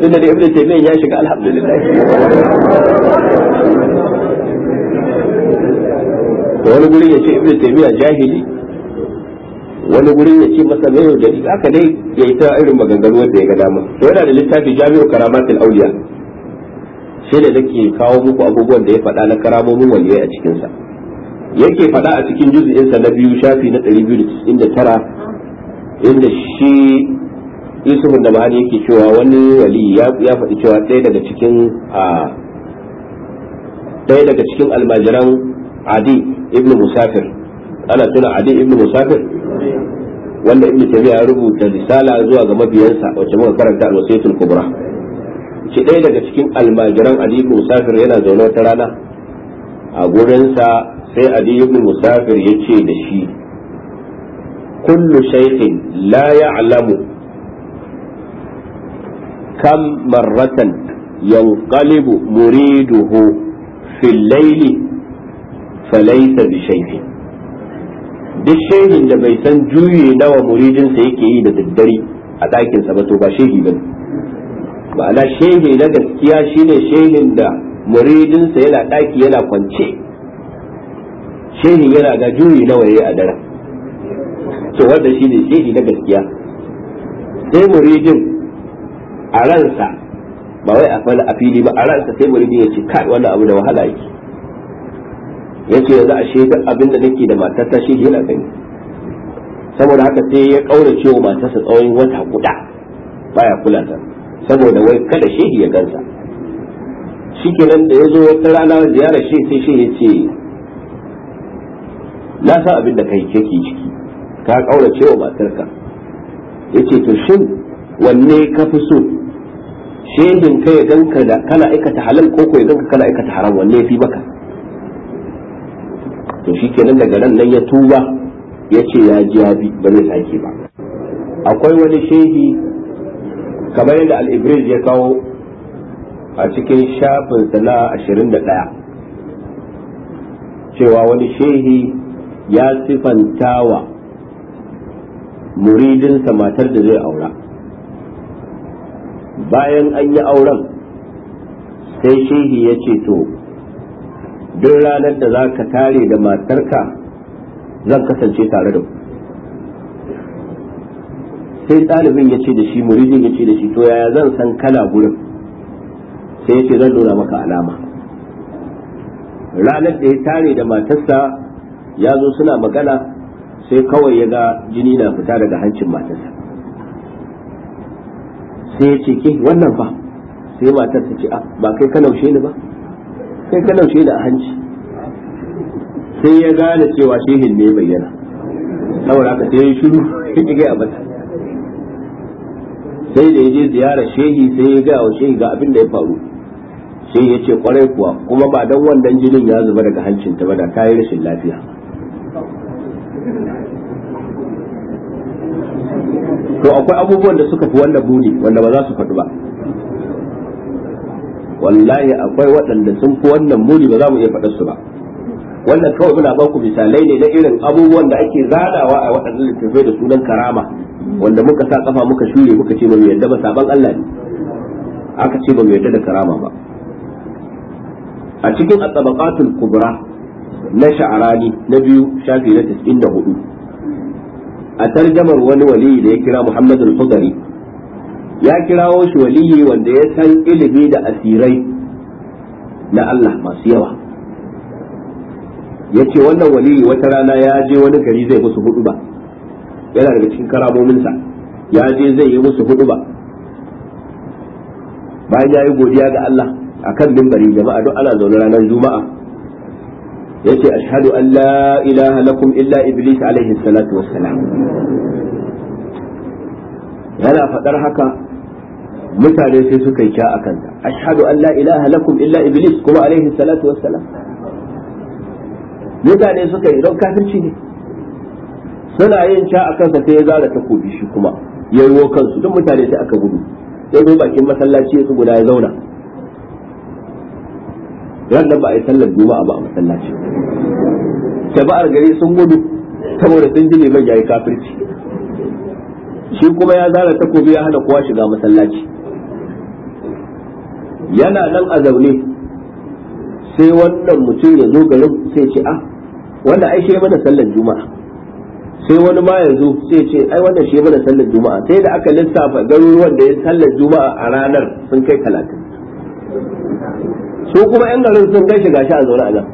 tunda da ibn taymiyyah ya shiga alhamdulillah to wani gurin ya ce ibn taymiyyah jahili wani gurin ya ce masa mai yaudari aka dai ya yi ta irin maganganu wanda ya ga dama to yana da littafi jami'u karamatul auliya sai da nake kawo muku abubuwan da ya faɗa na karamomin waliyai a cikinsa yake faɗa a cikin sa na biyu shafi na 299 inda shi yusuf da ma'ani yake cewa wani wali ya faɗi cewa ɗaya daga cikin ɗaya daga cikin almajiran adi ibn musafir ana tuna adi ibn musafir wanda ibn tabi'a ya rubuta risala zuwa ga mabiyansa wacce muka karanta al-wasiyatul kubra ce ɗaya daga cikin almajiran aliyu musafir yana zaune ta rana a gurinsa sai ali musafir ya ce da shi kullu shaykhin la ya'lamu kam marratan yanqalibu muriduhu fi layli falaysa bi shaykhin duk shehin da bai san juye nawa muridinsa yake yi da daddare a ɗakinsa ba to ba shehi bane ma'ana shehi na gaskiya shine shehin da muridinsa yana ɗaki yana kwance shehi yana ga juyi nawa waye a daren to wanda shine shehi na gaskiya sai muridin a ransa ba wai a fili ba a ransa sai muridin ya ce kai wannan abu da wahala yake yace yanzu a shekar abin da nake da matata shehi yana gani saboda haka sai ya ƙaura wa matarsa tsawon wata guda baya kula ta saboda wai kada shehi ya gansa shikenan da ya zo wata rana ziyara shi sai shi ya ce na sa abin da kai kake ciki ka kaurace wa matarka ce to shin wanne ka fi so shehin ka ya ganka da kana aikata halal ko ko ya ganka kana aikata haram wanne ya fi baka to shikenan daga nan nan ya tuba ya ce ya ji ya bi ba zai sake ba akwai wani shehi kamar yadda al-ibriz ya kawo a cikin shafin na 21 cewa wani shehi ya sifanta wa muridinsa matar da zai aura bayan an yi auren sai shehi ya ce to duk ranar da za ka tare da matarka zan kasance tare da ku sai ɗalibin ya ce da shi muridin ya ce da shi to yaya zan san kana gurin sai ya ce zan nuna maka alama ranar da ya tare da matarsa ya zo suna magana sai kawai ya ga jini na fita daga hancin matarsa sai ya ce ke wannan ba sai matar ta ce ah, ba kai ka naushe ni ba kai ka laushe da hanci sai ya gane cewa shehin ne bayyana saboda haka sai ya shiru ya gaya mata sai da je ziyarar shehi sai ya ga wa shehi ga abin da ya faru sai ya ce kwarai kuwa kuma ba dan wannan jinin ya zuba daga hancin ta ba da ta yi rashin lafiya to akwai abubuwan da suka fi wanda buri wanda ba za su faɗi ba wallahi akwai waɗanda sun fi wannan buri ba za mu iya faɗar su ba wannan kawai muna ba ku misalai ne na irin abubuwan da ake zaɗawa a waɗannan littattafai da sunan karama wanda muka sa kafa muka shure muka ce ba mu yadda ba saban Allah ne aka ce ba mu yadda da karama ba a cikin at kubra na sha'arani na biyu shafi na 94 a tarjamar wani waliyi da ya kira Muhammadul gari, ya kirawo shi waliyi wanda ya san ilimi da asirai na Allah masu yawa yace wannan waliyi wata rana ya je wani gari zai musu hudu ba yana daga cikin karamominsa ya je zai yi musu ba. bayan ya yi godiya ga Allah a kan mimbari jama'a duk ana zaune ranar juma'a yace ashhadu an la ilaha lakum illa iblis alaihi salatu wassalam yana faɗar haka mutane sai suka yi sha a kanta ashhadu an la ilaha lakum illa iblis kuma alaihi salatu wassalam mutane suka yi don kafirci ne suna yin ca a kansa sai ya zara takobi shi kuma ya ruwo kansu duk mutane sai aka gudu sai zo bakin masallaci ya guda ya zauna ranar ba a yi sallar juma'a ba a masallaci jama'ar gari sun gudu saboda sun ji liman ya yi kafirci shi kuma ya zara takobi ya hana kowa shiga masallaci yana nan a zaune sai wannan mutum ya zo garin sai ce a ah, wanda ai shi mana sallar juma'a sai wani ma yanzu sai ce ai wannan shi mana sallar juma'a sai da aka lissafa garuruwan da ya sallar juma'a a ranar sun kai talatin su kuma yan garin sun kai shiga gashi a zaune a nan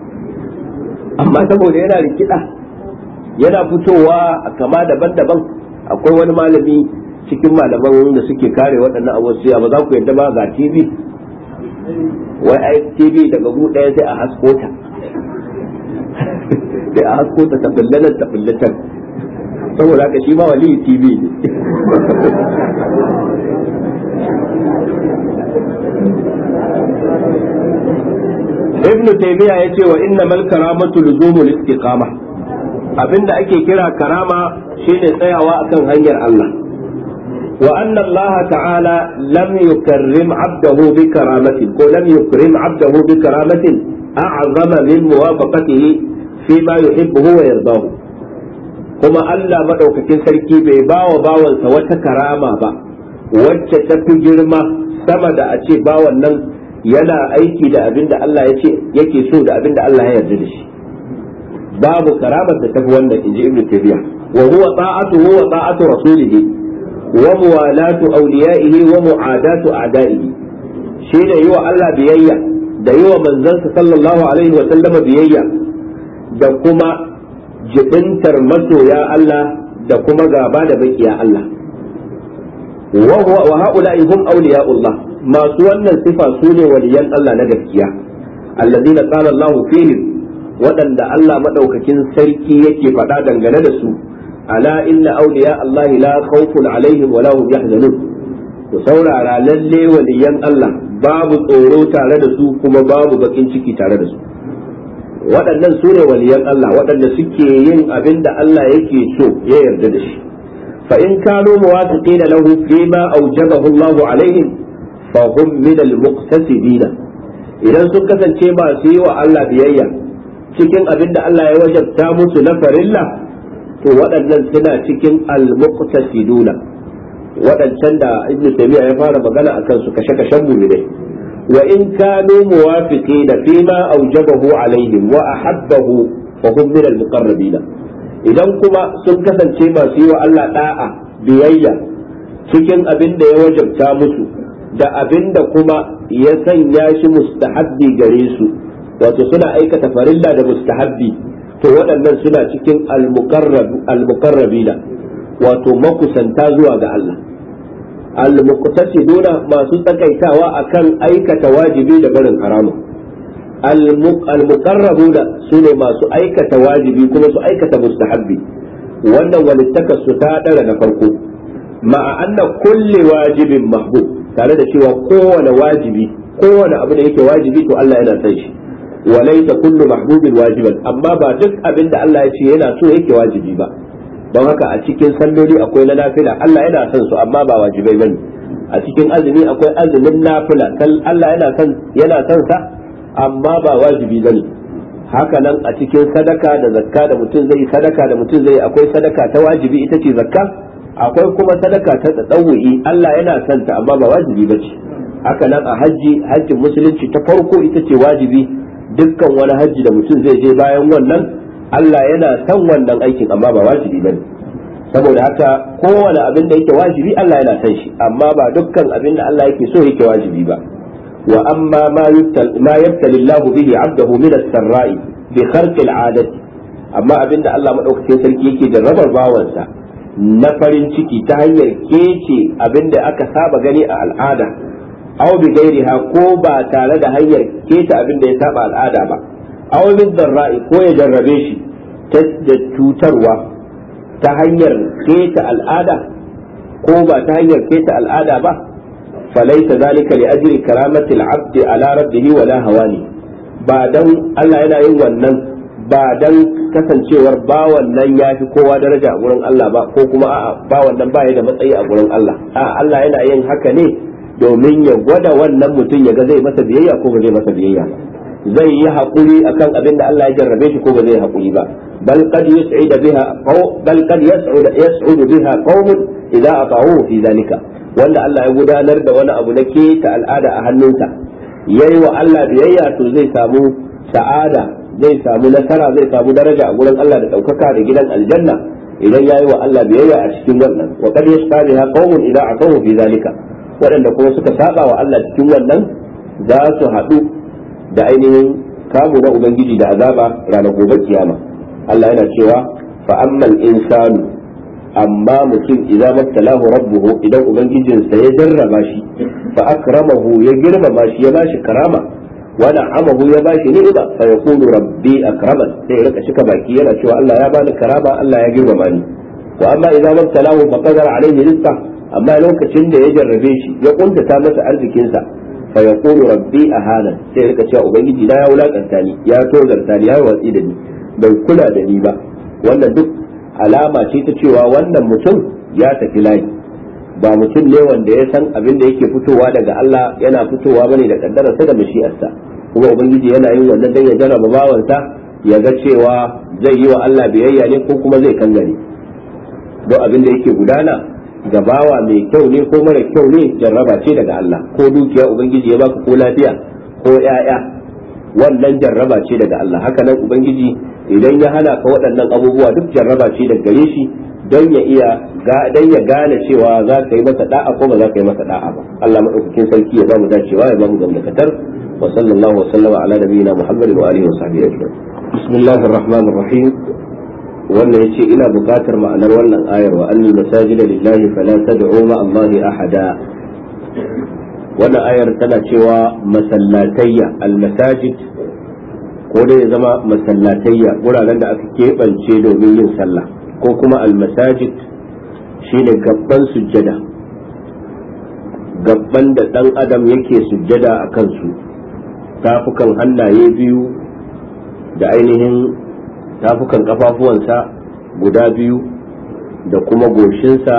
amma saboda yana rikida yana fitowa a kama daban-daban akwai wani malami cikin malaman da suke kare waɗannan abubuwa ba za ku yadda ba ga TV wai ai TV daga gu ɗaya sai a haskota sai a haskota ta bullanar saboda haka shi ma wali TV ne ibnu taymiya ce wa man karamatu luzumul istiqama abinda ake kira karama shine tsayawa akan hanyar Allah wa anna Allah ta'ala lam yukarrim 'abdahu bi karamatin ko lam yukrim 'abdahu bi karamatin a'zama min muwafaqatihi fi ma yuhibbu wa yardahu kuma Allah madaukakin sarki bai ba wa bawansa wata karama ba wacce ta fi girma sama da a ce bawan nan yana aiki da abin da Allah ya ce yake so da abin da Allah ya yarda da shi babu karamar da tafi wannan inji ibnu tabiya wa huwa ta'atuhu wa ta'atu rasulihi wa muwalatu awliyaihi wa mu'adatu a'daihi shi da yi wa Allah biyayya da yi wa manzansa sallallahu alaihi wa sallama biyayya da kuma jibintar masoya Allah da kuma gaba da bakiya Allah wa haula'i hum awliya'ullah masu wannan sifa su ne waliyan Allah na gaskiya allazina qala Allah fihim waɗanda Allah madaukakin sarki yake faɗa dangane da su ala inna awliya Allah la khawfun alaihim wa la hum yahzanun ku saurara lalle waliyan Allah babu tsoro tare da su kuma babu bakin ciki tare da su waɗannan su ne waliyan Allah waɗanda suke yin abin da Allah yake so ya yarda da shi fa in kanu muwafiqina lahu fima awjabahu Allah alaihim fa hum min al idan sun kasance ba su yi wa Allah biyayya cikin abin da Allah ya wajabta musu na farilla to waɗannan suna cikin al-muqtasiduna waɗancan da ibnu Taymiyyah ya fara magana akan su kashe-kashen mu ne wa in kanu muwafiqina fima awjabahu alaihim wa ahabbahu fa hum min al-muqarrabin idan kuma sun kasance masu yi wa Allah ɗa'a biyayya cikin abin da ya wajabta musu da abin da kuma ya sanya shi mustahabbi gare su wato suna aikata farilla da mustahabbi to waɗannan suna cikin al-muqarrabina wato makusanta zuwa ga Allah al-muqtasiduna masu tsakaitawa akan aikata wajibi da barin haramun al-muqarrabuna sune masu aikata wajibi kuma su aikata mustahabbi wannan walittakas su ta dara na farko ma'a anna kulli wajibin mahbub tare da cewa kowane wajibi kowane abu da yake wajibi to Allah yana san shi walaita kullu mahbubin wajiban amma ba duk abin da Allah ya ce yana so yake wajibi ba don haka a cikin salloli akwai na nafila Allah yana son su amma ba wajibai bane a cikin azumi akwai azumin nafila Allah yana son yana son sa amma ba wajibi bane haka nan a cikin sadaka da zakka da mutum zai sadaka da mutum zai akwai sadaka ta wajibi ita ce zakka akwai kuma sadaka ta tsawu'i Allah yana son ta amma ba wajibi bace haka nan a hajji hajjin musulunci ta farko ita ce wajibi dukkan wani hajji da mutum zai je bayan wannan Allah yana son wannan aikin amma ba wajibi bane saboda haka kowane abin da yake wajibi Allah yana son shi amma ba dukkan abin da Allah yake so yake wajibi ba wa amma ma yabtali Allah bihi 'abdahu min as-sarra'i bi kharqi al-'adati amma abin da Allah madaukakin sarki yake da rabar bawansa na farin ciki ta hanyar kece abin da aka saba gani a al'ada aw bi gairiha ko ba tare da hanyar keta abin da ya saba al'ada ba aw min darra'i ko ya jarrabe shi ta da cutarwa ta hanyar keta al'ada ko ba ta hanyar keta al'ada ba falaita zalika li ajri karamati al-abd ala rabbihi wala hawani ba dan Allah yana yin wannan ba dan kasancewar ba wannan ya fi kowa daraja a gurin Allah ba ko kuma a'a ba wannan ba ya da matsayi a gurin Allah a Allah yana yin haka ne domin ya gwada wannan mutum ya ga zai masa biyayya ko ba zai masa biyayya zai yi haƙuri akan abin da Allah ya jarrabe shi ko ba zai haƙuri ba bal qad yus'ida biha qaw bal qad yas'udu yas'udu biha qawmun idza ata'uhu fi zalika wanda Allah ya gudanar da wani abu na ke ta al'ada a hannunsa yayi wa Allah biyayya to zai samu sa'ada zai samu nasara zai samu daraja a gurin Allah da ɗaukaka da gidan aljanna idan yayi wa Allah biyayya a cikin wannan wa qad yasqa biha qawmun idza ata'uhu fi zalika waɗanda kuma suka saba wa Allah cikin wannan za su haɗu da ainihin kamu na ubangiji da azaba ranar gobe kiyama Allah yana cewa fa ammal insanu amma mutum idan mabtalahu rabbuhu idan ubangijinsa ya jarraba shi fa akramahu ya girmama shi ya bashi karama wa na'amahu ya bashi ni'ima fa yaqulu rabbi akraman sai ya rika shika baki yana cewa Allah ya bani karama Allah ya girmama ni wa amma idan mabtalahu fa alayhi rizqa amma lokacin da ya jarrabe shi ya kuntata masa arzikinsa fa yaqulu rabbi halin sai rika cewa ubangiji na ya wulakanta ni ya tozarta ni ya watsi da ni bai kula da ni ba wannan duk alama ce ta cewa wannan mutum ya tafi layi ba mutum ne wanda ya san abin da yake fitowa daga Allah yana fitowa bane da kaddararsa da mashi'arsa kuma ubangiji yana yin wannan dan ya jarraba bawansa ya ga cewa zai yi wa Allah biyayya ne ko kuma zai kangare don abin da yake gudana gabawa mai kyau ne ko mara kyau ne jarraba ce daga Allah ko dukiya ubangiji ya baka ko lafiya ko yaya, wannan jarraba ce daga Allah haka nan ubangiji idan ya hana ka waɗannan abubuwa duk jarraba ce daga gare shi don ya iya dan ya gane cewa za ka yi masa da'a ko ba za ka yi masa da'a ba Allah madaukakin sarki ya ba mu dacewa ya ba mu gamdakatar wa sallallahu wa sallama ala nabiyina muhammadin wa alihi wa sahbihi ajma'in bismillahir rahmanir rahim wannan yace ina buƙatar ma'anar wannan ayar wa annal masajida lillahi fala tad'u ma allahi ahada wannan ayar tana cewa masallatayya almasajid ko dai ya zama masallatayya guraren da aka keɓance domin yin sallah ko kuma almasajid shine gabban sujjada gabban da ɗan adam yake sujjada a kansu tafukan hannaye biyu da ainihin tafukan kafafuwansa guda biyu da kuma goshinsa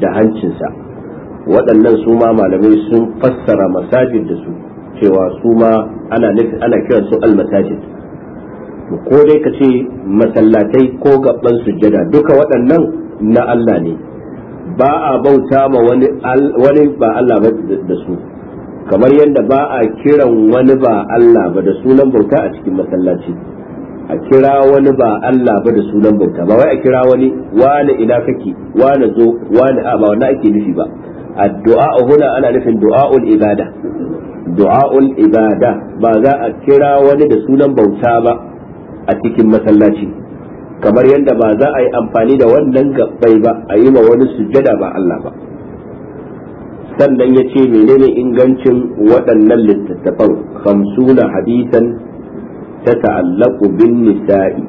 da hancinsa waɗannan su ma malamai sun fassara masajid da su cewa su ma ana ana kiran su almasajid ko dai ka ce masallatai ko gaban sujjada duka waɗannan na Allah ne ba a bauta ma wani wani ba Allah ba da su kamar yadda ba a kiran wani ba Allah ba da sunan bauta a cikin masallaci a kira wani ba Allah ba da sunan bauta ba wai a kira wani wani ina kake wani zo wani a ba wani ake nufi ba addu'a huna ana nufin du'a'ul ibada du'a'ul ibada ba za a kira wani da sunan bauta ba a cikin masallaci kamar yadda ba za a yi amfani da wannan gabbai ba a yi ma wani sujada ba Allah ba sannan ya ce menene ingancin waɗannan littattafan hamsuna hadisan tata'allaqu bin nisa'i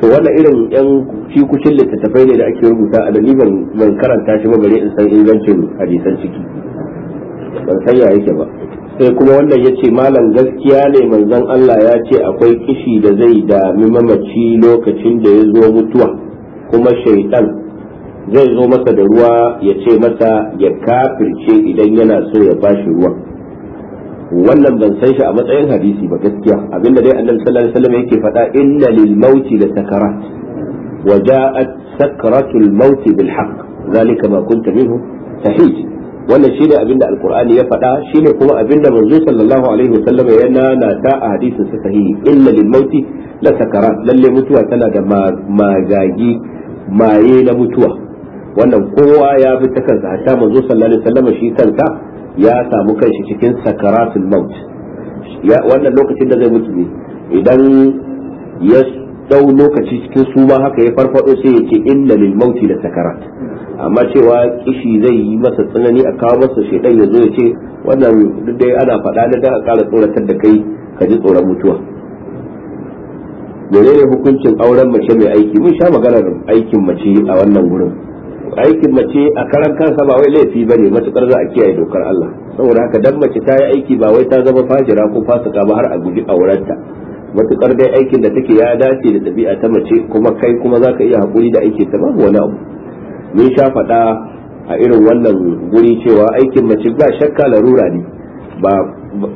to wannan irin yan shi kucin littattafai ne da ake rubuta a dalilin ban karanta shi ba bare in san ingancin hadisan ciki ban san ya yake ba sai kuma wannan ya ce malam gaskiya ne manzon Allah ya ce akwai kishi da zai dami mamaci lokacin da ya zo mutuwa kuma shaytan zai zo masa da ruwa ya ce masa ya kafirce idan yana so ya bashi ruwa wannan ban san shi a matsayin hadisi ba gaskiya abinda dai annabi sallallahu alaihi wasallam yake faɗa inna lil mauti la sakarat wa ja'at sakratul mauti bil haqq zalika ma kunta minhu tahij wannan ne abinda alqur'ani ya faɗa shine kuma abinda manzo sallallahu alaihi wasallam ya nanata a hadisin sa sahihi inna lil mauti la sakarat lalle mutuwa tana da magagi maye na mutuwa wannan kowa ya bi ta kansa hatta manzo sallallahu alaihi wasallam shi kansa ya samu kanshi cikin sakaratul maut wannan lokacin da zai mutu ne idan ya dau lokaci cikin suma haka ya farfado sai ya ce inna lil mauti da sakarat amma cewa kishi zai yi masa tsanani a kawo masa shedan ya zo ya ce wannan duk dai ana faɗa na da a ƙara tsoratar da kai ka ji tsoron mutuwa menene hukuncin auren mace mai aiki mun sha maganar aikin mace a wannan gurin aikin mace a karan kansa ba wai laifi ba ne matuƙar za a kiyaye dokar Allah saboda haka dan mace ta yi aiki ba wai ta zama fajira ko fasika ba har a guji aurenta matukar dai aikin da take ya dace da ɗabi'a ta mace kuma kai kuma za ka iya haƙuri da aikin ta babu wani abu mun sha faɗa a irin wannan guri cewa aikin mace ba shakka larura ne ba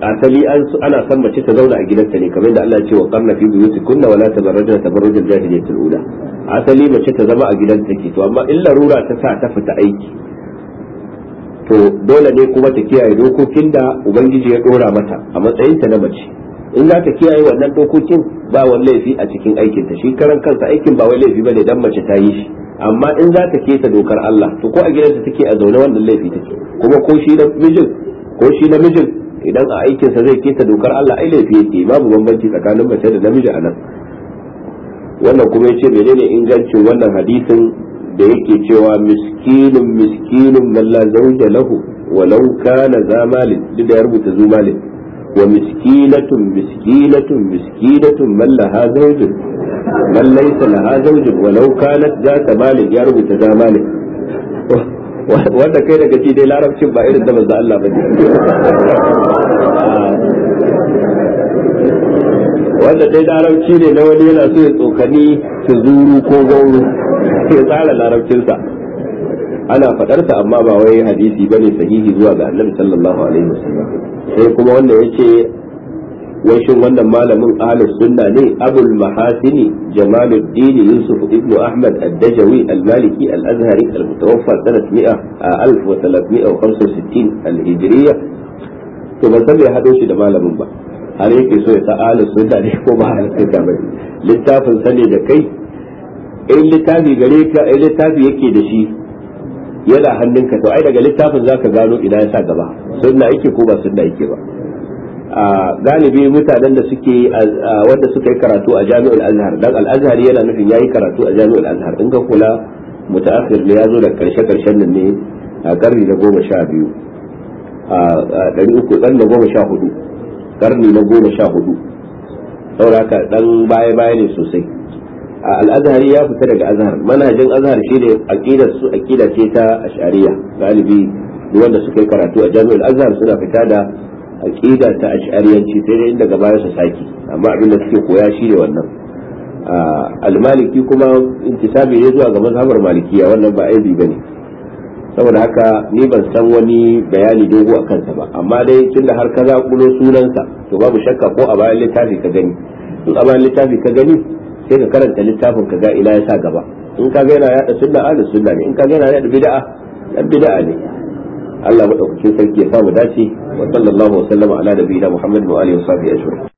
asali an ana san mace ta zauna a gidanta ne kamar da Allah ya ce wa qarna fi buyutikunna wala tabarrajna tabarrujal jahiliyyatil ula asali mace ta zama a gidanta ke to amma in larura ta sa ta fita aiki to dole ne kuma ta kiyaye dokokin da ubangiji ya dora mata a matsayinta na mace in za ta kiyaye wannan dokokin ba wani laifi a cikin aikin ta shi karan kansa aikin ba wani laifi bane dan mace ta yi shi amma in za ta keta dokar Allah to ko a gidanta take a zaune wannan laifi take kuma ko shi da mijin ko shi namijin idan a aikinsa zai keta dokar Allah ai laifi yake babu bambanci tsakanin mace da namiji a nan wannan kuma yace menene ingancin wannan hadisin da yake cewa miskinun miskinun man la zawja lahu walau kana za malin duk da ya rubuta zu wa miskinatun miskinatun miskinatun man laha zawjun man laysa laha zawjun walau kanat za malin ya rubuta za wanda kai daga ci dai larabcin ba irin da manzo Allah bane wanda dai larabci ne na wani yana so ya tsokani su zuru ko gauru ya tsara larabcinsa ana faɗarsa amma ba wai hadisi bane sahihi zuwa ga annabi sallallahu alaihi wasallam sai kuma wanda yace wai shin wannan malamin ahlus sunna ne abul mahasini jamaluddin yusuf ibnu ahmad ad-dajawi al-maliki a azhari al 1365 al-hijriya to ban san ya hado shi da malamin ba har yake so ya sa ahlus sunna ne ko ba ahlus sunna ba littafin sane da kai in littafi gare ka in littafi yake da shi yana hannunka to ai daga littafin zaka gano ina ya sa gaba sunna yake ko ba sunna yake ba galibi mutanen da suke wanda suka yi karatu a jami'ul azhar dan al-azhar yana nufin yayi karatu a jami'ul azhar in ka kula mutaakhir ne yazo da karshe karshen nan ne a karni na goma sha biyu a ɗari uku ɗan na goma sha hudu karni na goma sha hudu saboda ka dan baya baya ne sosai al-azhari ya fita daga azhar manajin azhar ne aqidar su aqida ce ta ashariya galibi duk wanda suka yi karatu a jami'ul azhar suna fita da aqida ta ash'ariyanci sai dai inda baya su saki amma abin da suke koya shine wannan al-maliki kuma intisabi ne zuwa ga mazhabar malikiya wannan ba aibi bane saboda haka ni ban san wani bayani dogo a kansa ba amma dai tunda har ka zaƙulo sunansa to babu shakka ko a bayan littafi ka gani in a bayan littafi ka gani sai ka karanta littafin ka ga ila ya sa gaba in ka ga yana yada sunna ahlus sunna ne in ka ga yana yada bid'a dan bid'a ne Allah madaukakin sarki ya samu dace wa sallallahu wa sallama ala nabiyina Muhammad wa alihi wa sahbihi ajma'in